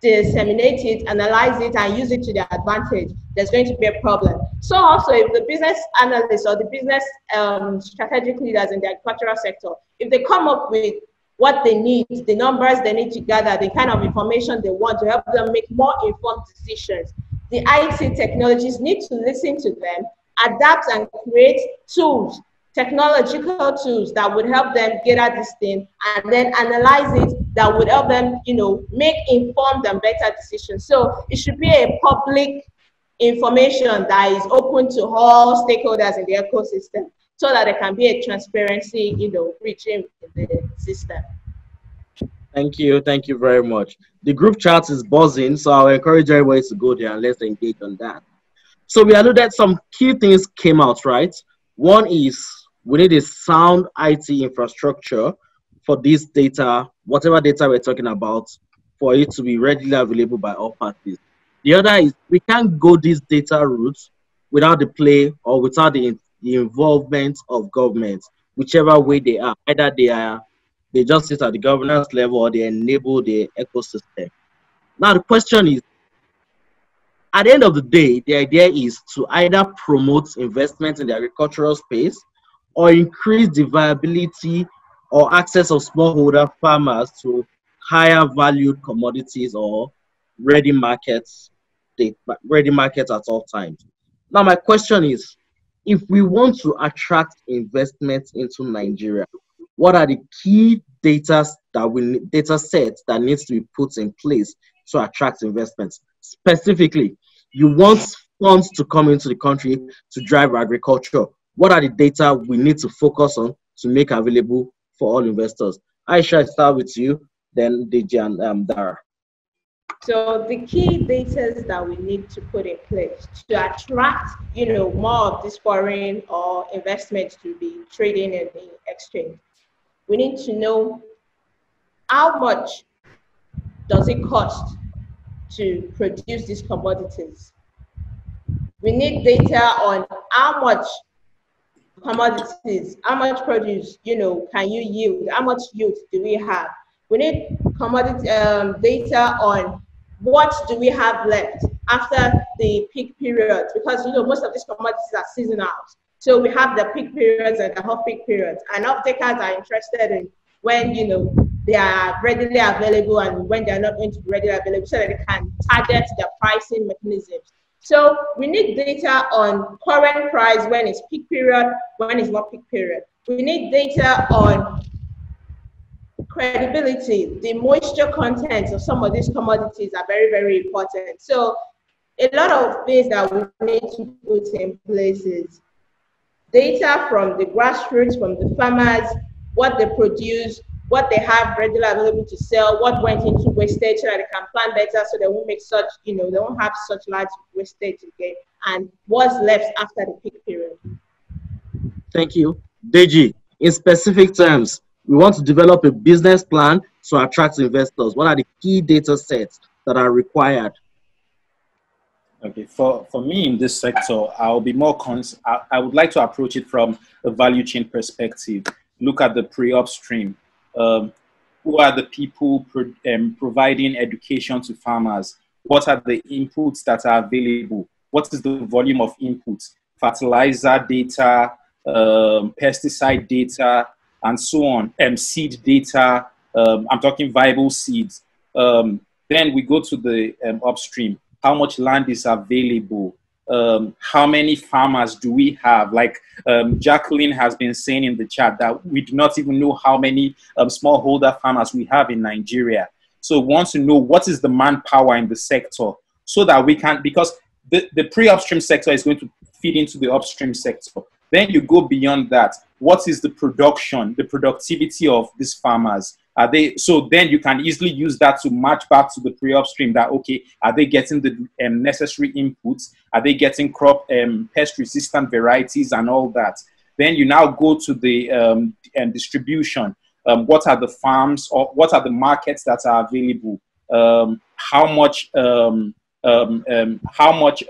disseminate it, analyze it, and use it to their advantage, there's going to be a problem. So also, if the business analysts or the business um, strategic leaders in the agricultural sector, if they come up with what they need, the numbers they need to gather, the kind of information they want to help them make more informed decisions, the IT technologies need to listen to them, adapt and create tools technological tools that would help them get at this thing and then analyze it that would help them, you know, make informed and better decisions. So it should be a public information that is open to all stakeholders in the ecosystem so that there can be a transparency, you know, regime in the system. Thank you. Thank you very much. The group chat is buzzing, so I'll encourage everybody to go there and let's engage on that. So we alluded some key things came out, right? One is we need a sound IT infrastructure for this data, whatever data we're talking about, for it to be readily available by all parties. The other is we can't go these data routes without the play or without the, the involvement of governments, whichever way they are. Either they are they just sit at the governance level or they enable the ecosystem. Now the question is, at the end of the day, the idea is to either promote investment in the agricultural space or increase the viability or access of smallholder farmers to higher valued commodities or ready markets, ready markets at all times. Now, my question is, if we want to attract investment into Nigeria, what are the key data that we data sets that needs to be put in place to attract investments? Specifically, you want funds to come into the country to drive agriculture. What are the data we need to focus on to make available for all investors? I shall start with you, then Deji and um, Dara. So the key data that we need to put in place to attract, you know, more of this foreign or investment to be trading in the exchange, we need to know how much does it cost to produce these commodities. We need data on how much commodities, how much produce, you know, can you yield? How much yield do we have? We need commodity um, data on what do we have left after the peak period because you know most of these commodities are seasonal. So we have the peak periods and the off peak periods, and off-takers are interested in when you know they are readily available and when they are not going to be readily available, so that they can target the pricing mechanisms so we need data on current price, when it's peak period, when it's not peak period. We need data on credibility, the moisture content of some of these commodities are very, very important. So a lot of things that we need to put in place is data from the grassroots, from the farmers, what they produce, what they have readily available to sell, what went into wastage so that they can plan better so they won't make such, you know, they won't have such large wastage again, and what's left after the peak period. Thank you. Deji, in specific terms, we want to develop a business plan to attract investors. What are the key data sets that are required? Okay, for, for me in this sector, I'll be more, cons- I, I would like to approach it from a value chain perspective. Look at the pre upstream, um, who are the people pro- um, providing education to farmers? What are the inputs that are available? What is the volume of inputs? Fertilizer data, um, pesticide data, and so on, um, seed data. Um, I'm talking viable seeds. Um, then we go to the um, upstream. How much land is available? um, how many farmers do we have? Like um, Jacqueline has been saying in the chat that we do not even know how many um, smallholder farmers we have in Nigeria. So we want to know what is the manpower in the sector so that we can, because the, the pre-upstream sector is going to feed into the upstream sector. Then you go beyond that. What is the production, the productivity of these farmers? Are they so then you can easily use that to match back to the pre-op stream that okay, are they getting the um, necessary inputs? Are they getting crop um, pest resistant varieties and all that? Then you now go to the um, distribution. Um, what are the farms or what are the markets that are available? Um, how much um, how much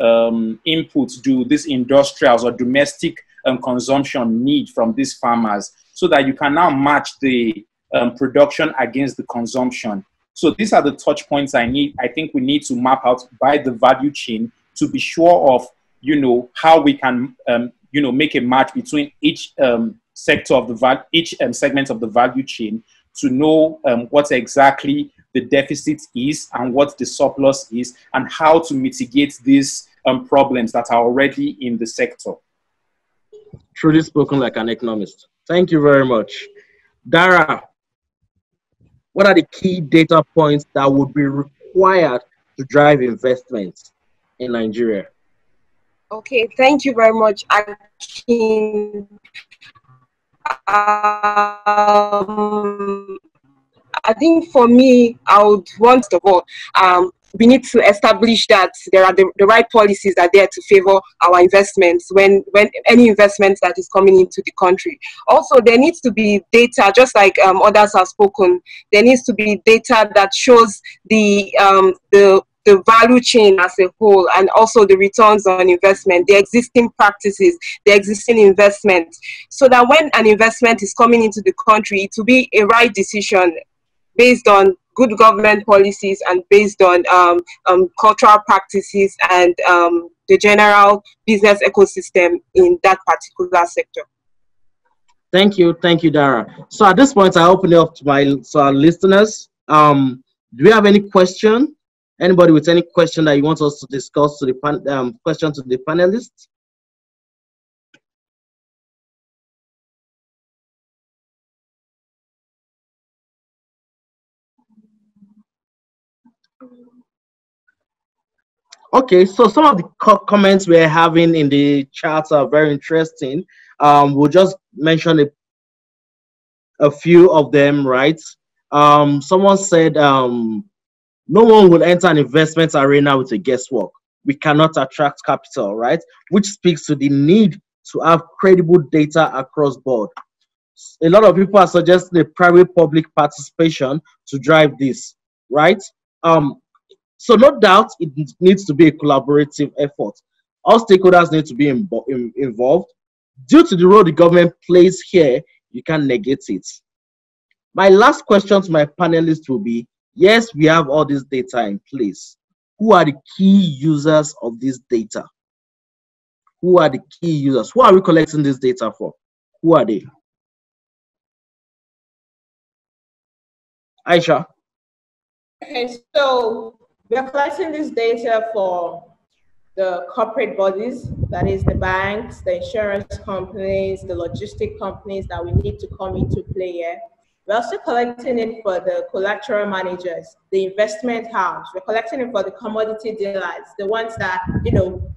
inputs do these industrials or domestic consumption need from these farmers? so that you can now match the um, production against the consumption. So these are the touch points I need. I think we need to map out by the value chain to be sure of, you know, how we can, um, you know, make a match between each um, sector of the val- each um, segment of the value chain to know um, what exactly the deficit is and what the surplus is and how to mitigate these um, problems that are already in the sector. Truly spoken like an economist. Thank you very much. Dara, what are the key data points that would be required to drive investments in Nigeria? Okay, thank you very much, Akin. Um, I think for me, I would want to go. um, we need to establish that there are the, the right policies are there to favor our investments when, when any investments that is coming into the country. Also, there needs to be data, just like um, others have spoken, there needs to be data that shows the, um, the the value chain as a whole and also the returns on investment, the existing practices, the existing investment, so that when an investment is coming into the country, it will be a right decision based on good government policies and based on um, um, cultural practices and um, the general business ecosystem in that particular sector. Thank you, thank you, Dara. So at this point, I open it up to my so our listeners. Um, do we have any question? Anybody with any question that you want us to discuss to the pan, um, question to the panelists? Okay, so some of the co comments we're having in the chat are very interesting. Um, we'll just mention a, a few of them, right? Um, someone said, um, no one will enter an investment arena with a guesswork. We cannot attract capital, right? Which speaks to the need to have credible data across board. A lot of people are suggesting a private public participation to drive this, right? Um, so no doubt it needs to be a collaborative effort. All stakeholders need to be Im- involved. Due to the role the government plays here, you can't negate it. My last question to my panelists will be, yes, we have all this data in place. Who are the key users of this data? Who are the key users? Who are we collecting this data for? Who are they? Aisha. Okay, so we are collecting this data for the corporate bodies, that is the banks, the insurance companies, the logistic companies that we need to come into play here. We're also collecting it for the collateral managers, the investment house. We're collecting it for the commodity dealers, the ones that, you know,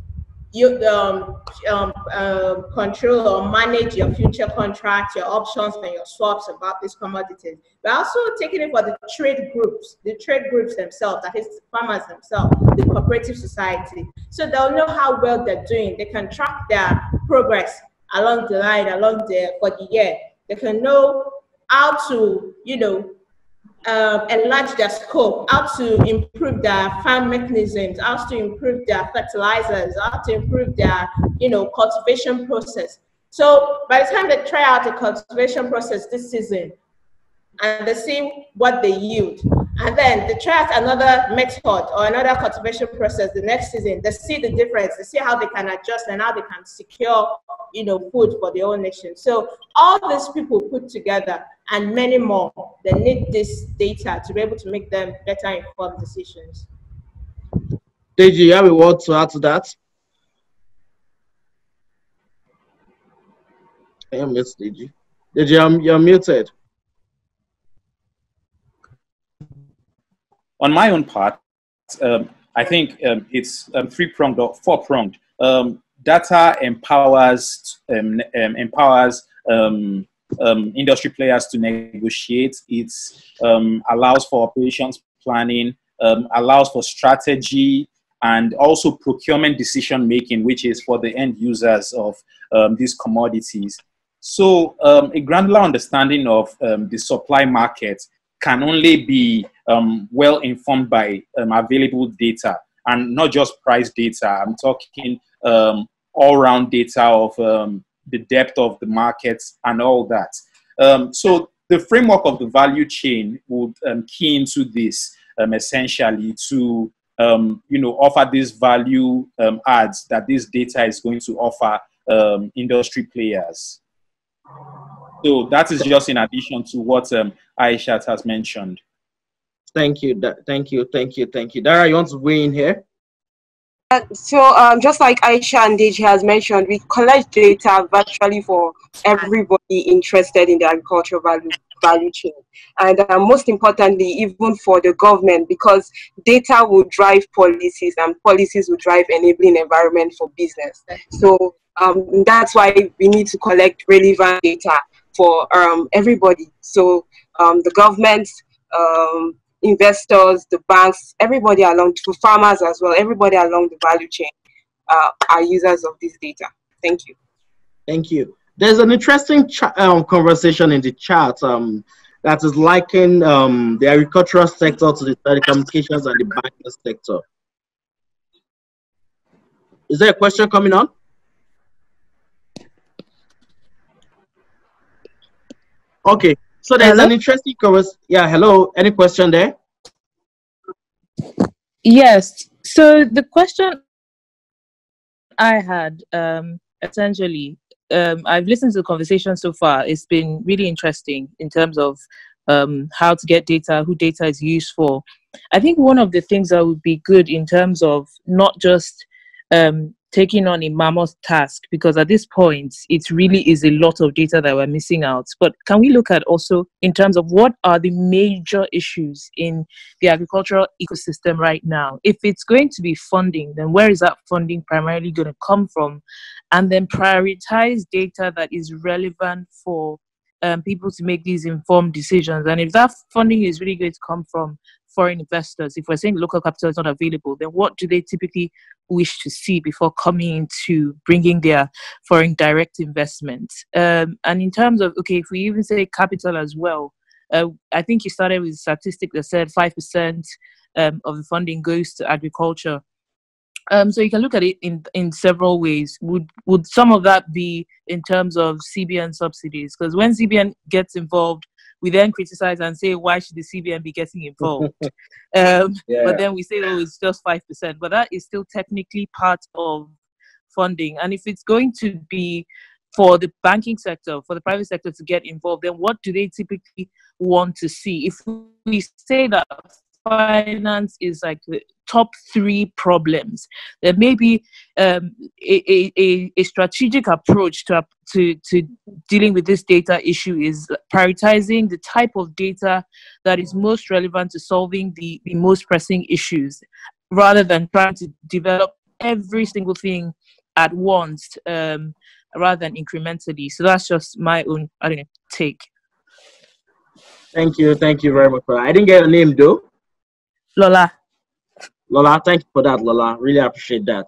you um, um, uh, control or manage your future contracts, your options, and your swaps about these commodities. We're also taking it for the trade groups, the trade groups themselves, that is, farmers themselves, the cooperative society. So they'll know how well they're doing. They can track their progress along the line, along the for the year. They can know how to, you know, uh, enlarge their scope, how to improve their farm mechanisms, how to improve their fertilizers, how to improve their, you know, cultivation process. So by the time they try out the cultivation process this season, and they see what they yield, and then they try out another method or another cultivation process the next season, they see the difference, they see how they can adjust and how they can secure, you know, food for their own nation. So all these people put together and many more that need this data to be able to make them better informed decisions. Deji, you have a word to add to that? I am yes, Deji. Deji, you're muted. On my own part, um, I think um, it's um, three-pronged or four-pronged. Um, data empowers um, empowers um, um, industry players to negotiate. It um, allows for operations planning, um, allows for strategy, and also procurement decision making, which is for the end users of um, these commodities. So um, a granular understanding of um, the supply market can only be well informed by available data and not just price data. I'm talking all round data of um, the depth of the markets and all that. Um, so the framework of the value chain would um, key into this um, essentially to um, you know offer this value um, adds that this data is going to offer um, industry players. So that is just in addition to what um, has mentioned. Thank you, thank you, thank you, thank you. Dara, you want to weigh in here? so um, just like Aisha and DJ has mentioned, we collect data virtually for everybody interested in the agricultural value, value chain. And uh, most importantly, even for the government, because data will drive policies and policies will drive enabling environment for business. So um, that's why we need to collect relevant data for um, everybody. So um, the government, um, investors, the banks, everybody along, for farmers as well, everybody along the value chain uh, are users of this data. Thank you. Thank you. There's an interesting um, conversation in the chat um, that is likening um, the agricultural sector to the telecommunications and the banking sector. Is there a question coming on? Okay, so there's hello? an interesting chorus. Yeah, hello. Any question there? Yes. So the question I had um, essentially, um, I've listened to the conversation so far. It's been really interesting in terms of um, how to get data, who data is used for. I think one of the things that would be good in terms of not just um, taking on a mammoth task because at this point it really is a lot of data that we're missing out but can we look at also in terms of what are the major issues in the agricultural ecosystem right now if it's going to be funding then where is that funding primarily going to come from and then prioritize data that is relevant for um, people to make these informed decisions. And if that funding is really going to come from foreign investors, if we're saying local capital is not available, then what do they typically wish to see before coming into bringing their foreign direct investment? Um, and in terms of, okay, if we even say capital as well, uh, I think you started with a statistic that said 5% um, of the funding goes to agriculture. Um, so you can look at it in in several ways. Would would some of that be in terms of CBN subsidies? Because when CBN gets involved, we then criticize and say why should the CBN be getting involved? um, yeah. But then we say oh it's just five percent, but that is still technically part of funding. And if it's going to be for the banking sector, for the private sector to get involved, then what do they typically want to see? If we say that finance is like the top three problems. There may be um, a, a, a, strategic approach to, to, to dealing with this data issue is prioritizing the type of data that is most relevant to solving the, the most pressing issues rather than trying to develop every single thing at once um, rather than incrementally. So that's just my own I don't know, take. Thank you, thank you very much for that. I didn't get a name though. Lola. Lola, thank you for that, Lola. Really appreciate that.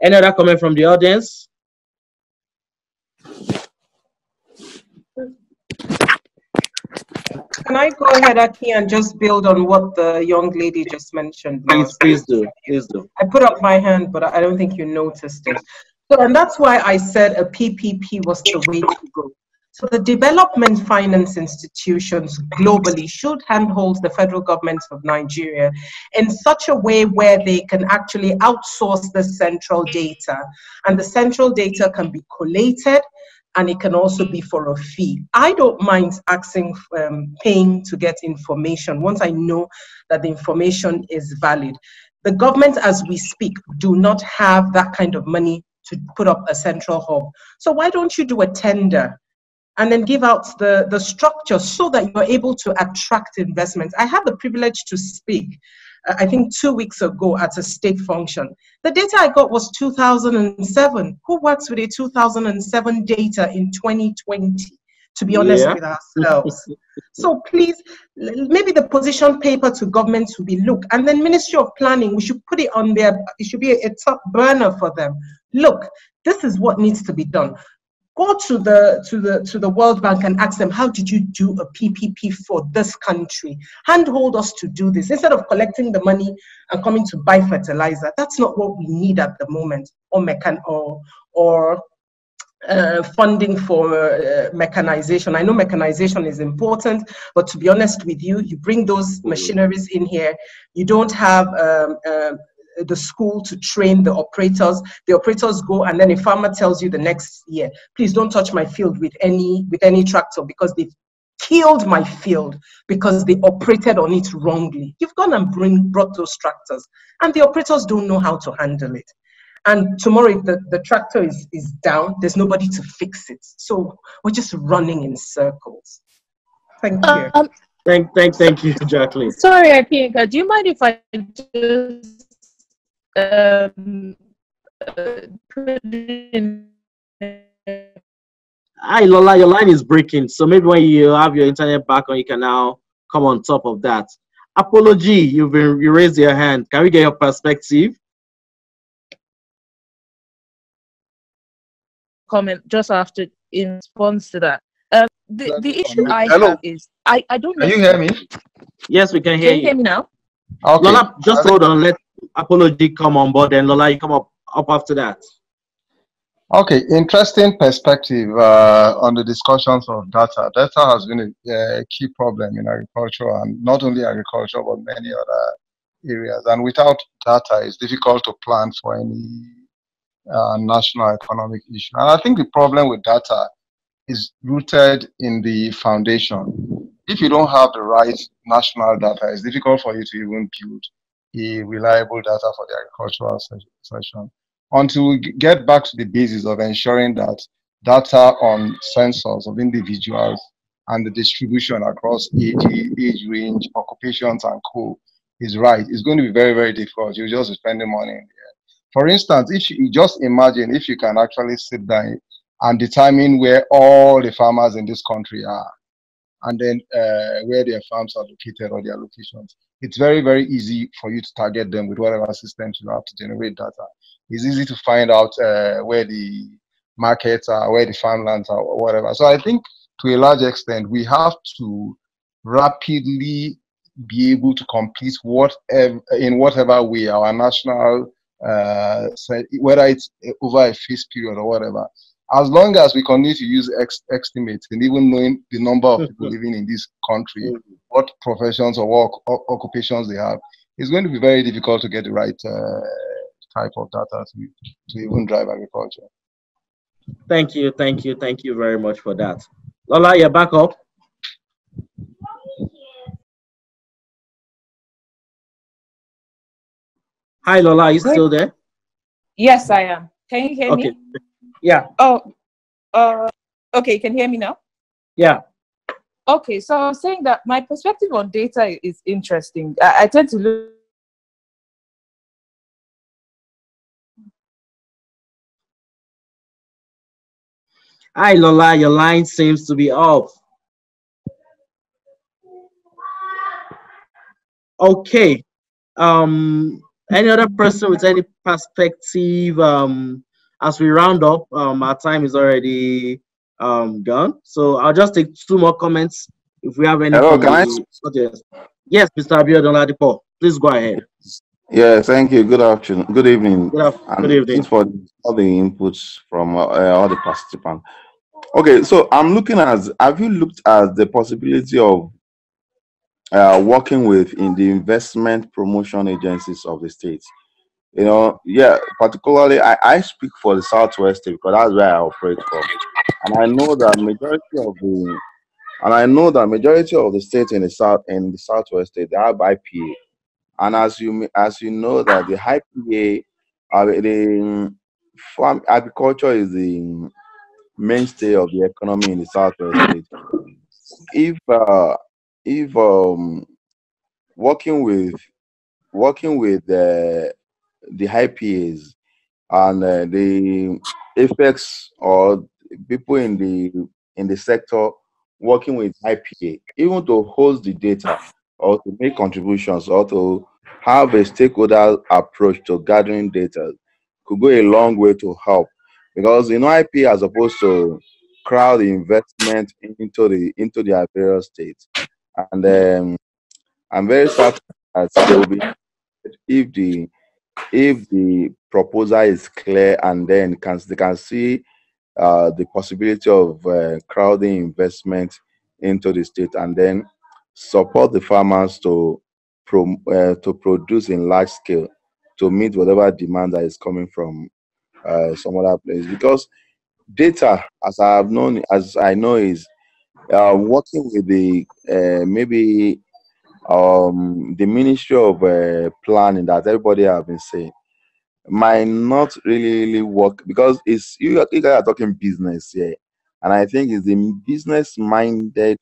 Any other comment from the audience? Can I go ahead, Aki, and just build on what the young lady just mentioned? Please, please do. Please do. I put up my hand, but I don't think you noticed it. So, and that's why I said a PPP was the way to go. So the development finance institutions globally should handhold the federal government of Nigeria in such a way where they can actually outsource the central data. And the central data can be collated and it can also be for a fee. I don't mind asking, um, paying to get information once I know that the information is valid. The government, as we speak, do not have that kind of money to put up a central hub. So why don't you do a tender and then give out the, the structure so that you're able to attract investments. I had the privilege to speak, uh, I think, two weeks ago at a state function. The data I got was 2007. Who works with a 2007 data in 2020? to be honest yeah. with ourselves. so please, maybe the position paper to government will be look, and then Ministry of Planning, we should put it on there. it should be a, a top burner for them. Look, this is what needs to be done go to the to the to the World Bank and ask them how did you do a PPP for this country? Handhold us to do this instead of collecting the money and coming to buy fertilizer. That's not what we need at the moment, or mechan or or uh, funding for uh, mechanization. I know mechanization is important, but to be honest with you, you bring those machineries in here, you don't have um, uh, the school to train the operators. The operators go, and then a farmer tells you the next year, please don't touch my field with any with any tractor because they've killed my field because they operated on it wrongly. You've gone and bring, brought those tractors, and the operators don't know how to handle it. And tomorrow, if the, the tractor is, is down, there's nobody to fix it. So we're just running in circles. Thank you. Um, thank, thank, thank you, Jacqueline. Sorry, Apinka, uh, do you mind if I just um, Hi Lola, your line is breaking. So maybe when you have your internet back on, you can now come on top of that. Apology, you've been you raised your hand. Can we get your perspective? Comment just after in response to that. Um, the the issue I Hello. have is I I don't. Know can you hear me? Yes, we can hear can you. Hear me now. Okay. Lola, just hold on. Let Apology come on board and Lola, you come up, up after that. Okay, interesting perspective uh, on the discussions of data. Data has been a, a, key problem in agriculture and not only agriculture but many other areas. And without data, it's difficult to plan for any uh, national economic issue. And I think the problem with data is rooted in the foundation. If you don't have the right national data, it's difficult for you to even build a reliable data for the agricultural section until we get back to the basis of ensuring that data on census of individuals and the distribution across age, age range, occupations, and co is right. It's going to be very, very difficult. you are just spending money. For instance, if you just imagine if you can actually sit down and determine where all the farmers in this country are, and then uh, where their farms are located or their locations it's very, very easy for you to target them with whatever systems you have to generate data. It's easy to find out uh, where the markets are, where the farmlands are, or whatever. So I think to a large extent, we have to rapidly be able to complete whatever, in whatever way our national, uh, whether it's over a fixed period or whatever, as long as we continue to use ex- estimates and even knowing the number of people living in this country, mm-hmm. what professions or what occupations they have, it's going to be very difficult to get the right uh, type of data to, to even drive agriculture. Thank you, thank you, thank you very much for that. Lola, you're back up. Hi, Lola, are you still there? Yes, I am. Can you hear okay. me? Yeah. Oh, uh, okay. You can hear me now? Yeah. Okay. So I am saying that my perspective on data is interesting. I, I tend to look. Hi, Lola. Your line seems to be off. Okay. Um, any other person with any perspective? Um, as we round up, um, our time is already um, gone. So I'll just take two more comments if we have any. Hello, comments. Guys. Yes, Mr. Abiodun please go ahead. Yeah, thank you. Good afternoon. Good evening. Good, afternoon. Good evening. for all the inputs from uh, all the participants. Okay, so I'm looking at. Have you looked at the possibility of uh, working with in the investment promotion agencies of the states? You know, yeah, particularly I, I speak for the Southwest because that's where I operate from. And I know that majority of the and I know that majority of the states in the south in the southwest state they have IPA. And as you as you know that the IPA are the farm agriculture is the mainstay of the economy in the southwest state. If uh, if um, working with working with the uh, the high PAs and uh, the effects or people in the in the sector working with IPA, even to host the data or to make contributions or to have a stakeholder approach to gathering data could go a long way to help. Because in IP as opposed to crowd investment into the into the various states. And um, I'm very sad that they will be if the if the proposal is clear and then can, they can see uh, the possibility of uh, crowding investment into the state and then support the farmers to uh, to produce in large scale to meet whatever demand that is coming from uh, some other place because data as i have known as i know is uh, working with the uh, maybe um, the Ministry of uh, Planning that everybody have been saying might not really, really work because it's you, you guys are talking business here, and I think it's the business-minded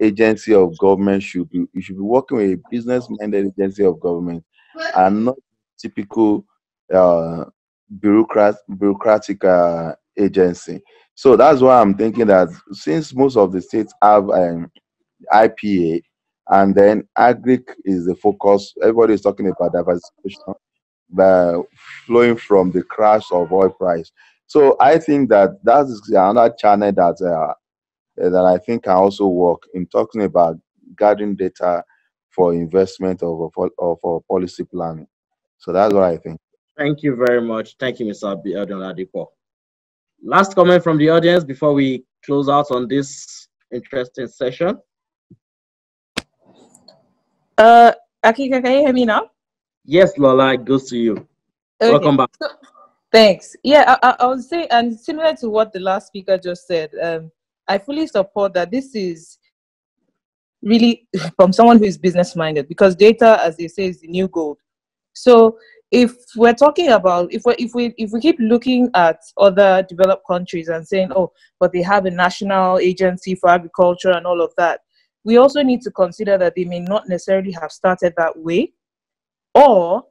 agency of government should be you should be working with a business-minded agency of government and not typical uh, bureaucrat bureaucratic uh, agency. So that's why I'm thinking that since most of the states have um, IPA, and then agri is the focus. Everybody is talking about diversification, but flowing from the crash of oil price. So I think that that's another channel that uh, that I think can also work in talking about gathering data for investment of of, policy planning. So that's what I think. Thank you very much. Thank you, Mr. Abiodun Last comment from the audience before we close out on this interesting session. Uh, Akika, can you hear me now? Yes, Lola, it goes to you. Okay. Welcome back. So, thanks. Yeah, I, I, I would say, and similar to what the last speaker just said, um, I fully support that this is really from someone who is business minded because data, as they say, is the new gold. So if we're talking about if we if we if we keep looking at other developed countries and saying oh but they have a national agency for agriculture and all of that we also need to consider that they may not necessarily have started that way, or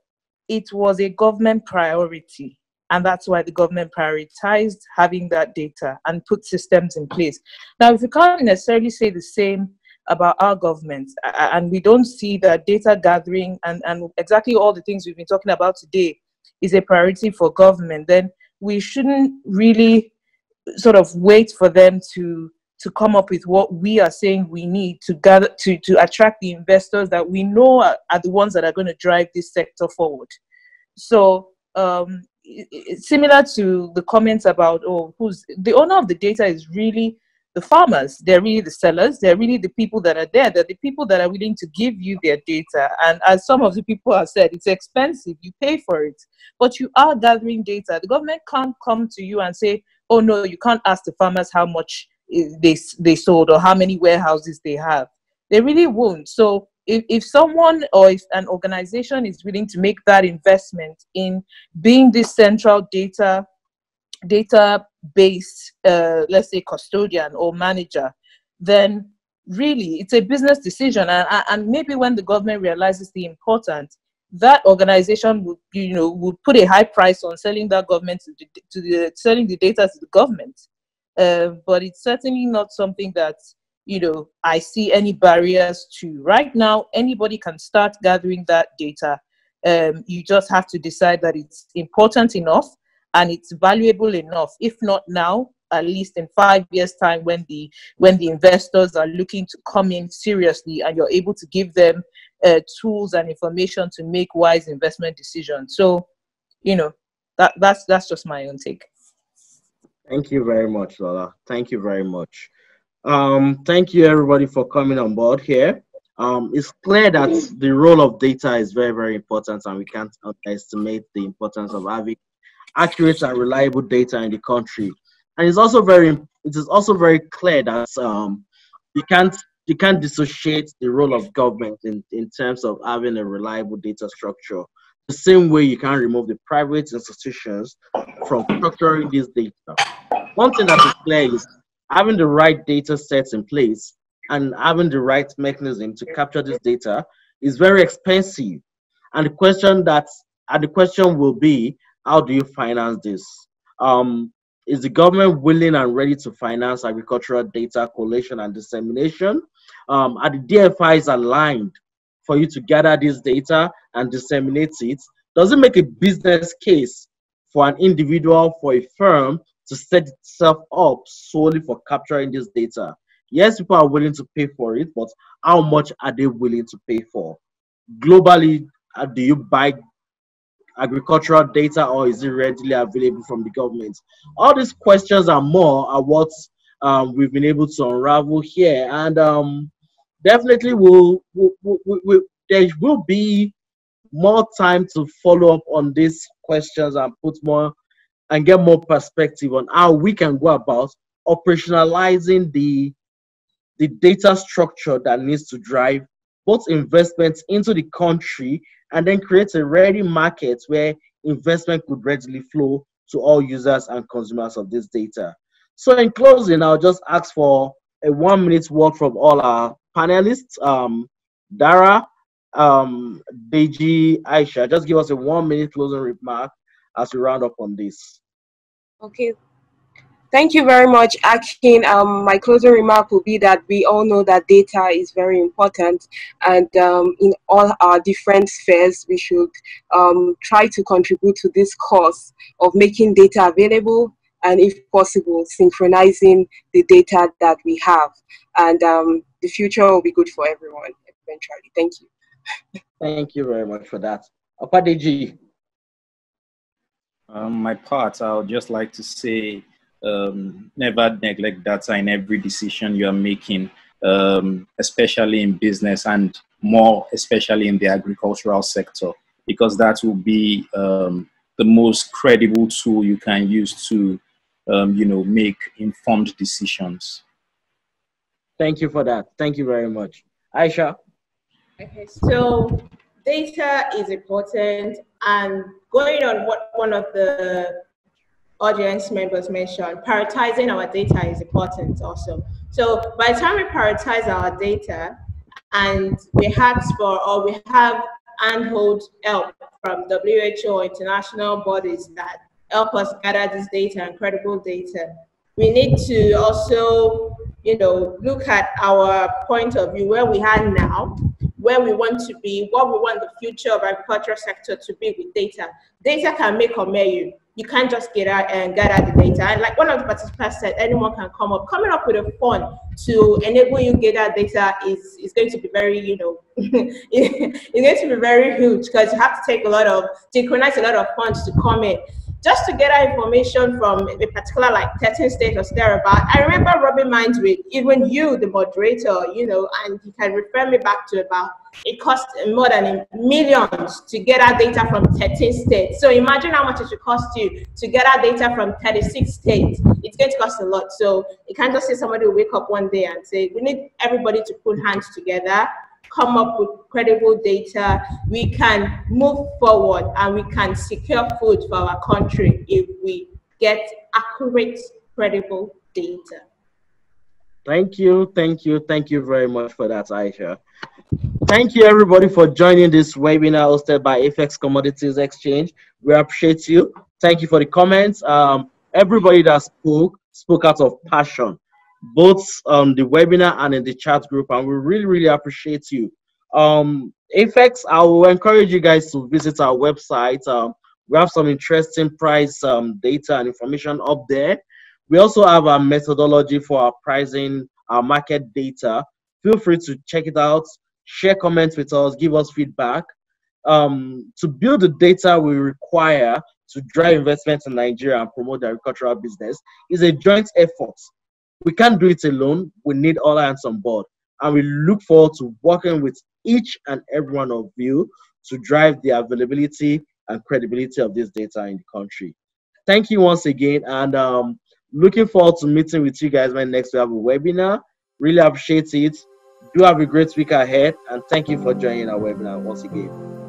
it was a government priority. And that's why the government prioritized having that data and put systems in place. Now, if we can't necessarily say the same about our government, and we don't see that data gathering and, and exactly all the things we've been talking about today is a priority for government, then we shouldn't really sort of wait for them to to come up with what we are saying we need to gather to, to attract the investors that we know are, are the ones that are going to drive this sector forward. So um, similar to the comments about oh who's the owner of the data is really the farmers they're really the sellers they're really the people that are there they're the people that are willing to give you their data and as some of the people have said it's expensive you pay for it but you are gathering data the government can't come to you and say oh no you can't ask the farmers how much they they sold or how many warehouses they have. They really won't. So if, if someone or if an organization is willing to make that investment in being this central data data based uh, let's say custodian or manager then really it's a business decision and, and maybe when the government realizes the importance that organization would you know would put a high price on selling that government to the, to the selling the data to the government uh, but it's certainly not something that you know I see any barriers to. Right now, anybody can start gathering that data. Um, you just have to decide that it's important enough and it's valuable enough. If not now, at least in five years' time, when the when the investors are looking to come in seriously, and you're able to give them uh, tools and information to make wise investment decisions. So, you know, that that's that's just my own take. Thank you very much, Lola. Thank you very much. Um, thank you, everybody, for coming on board here. Um, it's clear that the role of data is very, very important, and we can't underestimate the importance of having accurate and reliable data in the country. And it's also very, it is also very clear that um, you can't you can't dissociate the role of government in, in terms of having a reliable data structure. The same way you can't remove the private institutions from structuring this data one thing that is clear is having the right data sets in place and having the right mechanism to capture this data is very expensive. And the question that and the question will be, how do you finance this? Um, is the government willing and ready to finance agricultural data collation and dissemination? Um, are the DFIs aligned for you to gather this data and disseminate it? Does it make a business case for an individual, for a firm to set itself up solely for capturing this data. Yes, people are willing to pay for it, but how much are they willing to pay for? Globally, uh, do you buy agricultural data or is it readily available from the government? All these questions and more are what um, we've been able to unravel here. And um, definitely, we'll, we'll, we'll, we'll, there will be more time to follow up on these questions and put more and get more perspective on how we can go about operationalizing the, the data structure that needs to drive both investments into the country and then create a ready market where investment could readily flow to all users and consumers of this data. So in closing, I'll just ask for a one minute word from all our panelists. Um, Dara, um, Deji, Aisha, just give us a one minute closing remark as we round up on this. Okay. Thank you very much, Akin. Um, my closing remark will be that we all know that data is very important, and um, in all our different spheres, we should um, try to contribute to this cause of making data available and, if possible, synchronizing the data that we have. And um, the future will be good for everyone eventually. Thank you. Thank you very much for that. Apadeji, um, my part, I would just like to say um, never neglect data in every decision you are making, um, especially in business and more especially in the agricultural sector, because that will be um, the most credible tool you can use to, um, you know, make informed decisions. Thank you for that. Thank you very much. Aisha. Okay, so data is important and going on what one of the audience members mentioned, prioritizing our data is important also. So by the time we prioritize our data and we have for or we have handhold help from WHO international bodies that help us gather this data and credible data, we need to also, you know, look at our point of view where we are now where we want to be, what we want the future of agricultural sector to be with data. Data can make or may you. You can't just get out and gather the data. And like one of the participants said, anyone can come up. Coming up with a fund to enable you gather data is, is going to be very, you know, it's going to be very huge because you have to take a lot of, synchronize a lot of funds to come in just to our information from a particular like 13 states or thereabout. I remember rubbing minds with even you, the moderator, you know, and you can refer me back to about it cost more than millions to get our data from 13 states. So imagine how much it should cost you to get our data from 36 states. It's going to cost a lot. So you can't just say somebody will wake up one day and say, we need everybody to put hands together come up with credible data, we can move forward and we can secure food for our country if we get accurate, credible data. Thank you, thank you, thank you very much for that, Aisha. Thank you, everybody, for joining this webinar hosted by FX Commodities Exchange. We appreciate you. Thank you for the comments. Um, everybody that spoke, spoke out of passion both on um, the webinar and in the chat group, and we really, really appreciate you. Um, Apex, I will encourage you guys to visit our website. Um, we have some interesting price um, data and information up there. We also have a methodology for our pricing, our market data. Feel free to check it out, share comments with us, give us feedback. Um, to build the data we require to drive investment in Nigeria and promote the agricultural business is a joint effort we can't do it alone. We need all hands on board. And we look forward to working with each and every one of you to drive the availability and credibility of this data in the country. Thank you once again. And um, looking forward to meeting with you guys when next we have a webinar. Really appreciate it. Do have a great week ahead. And thank you for joining our webinar once again.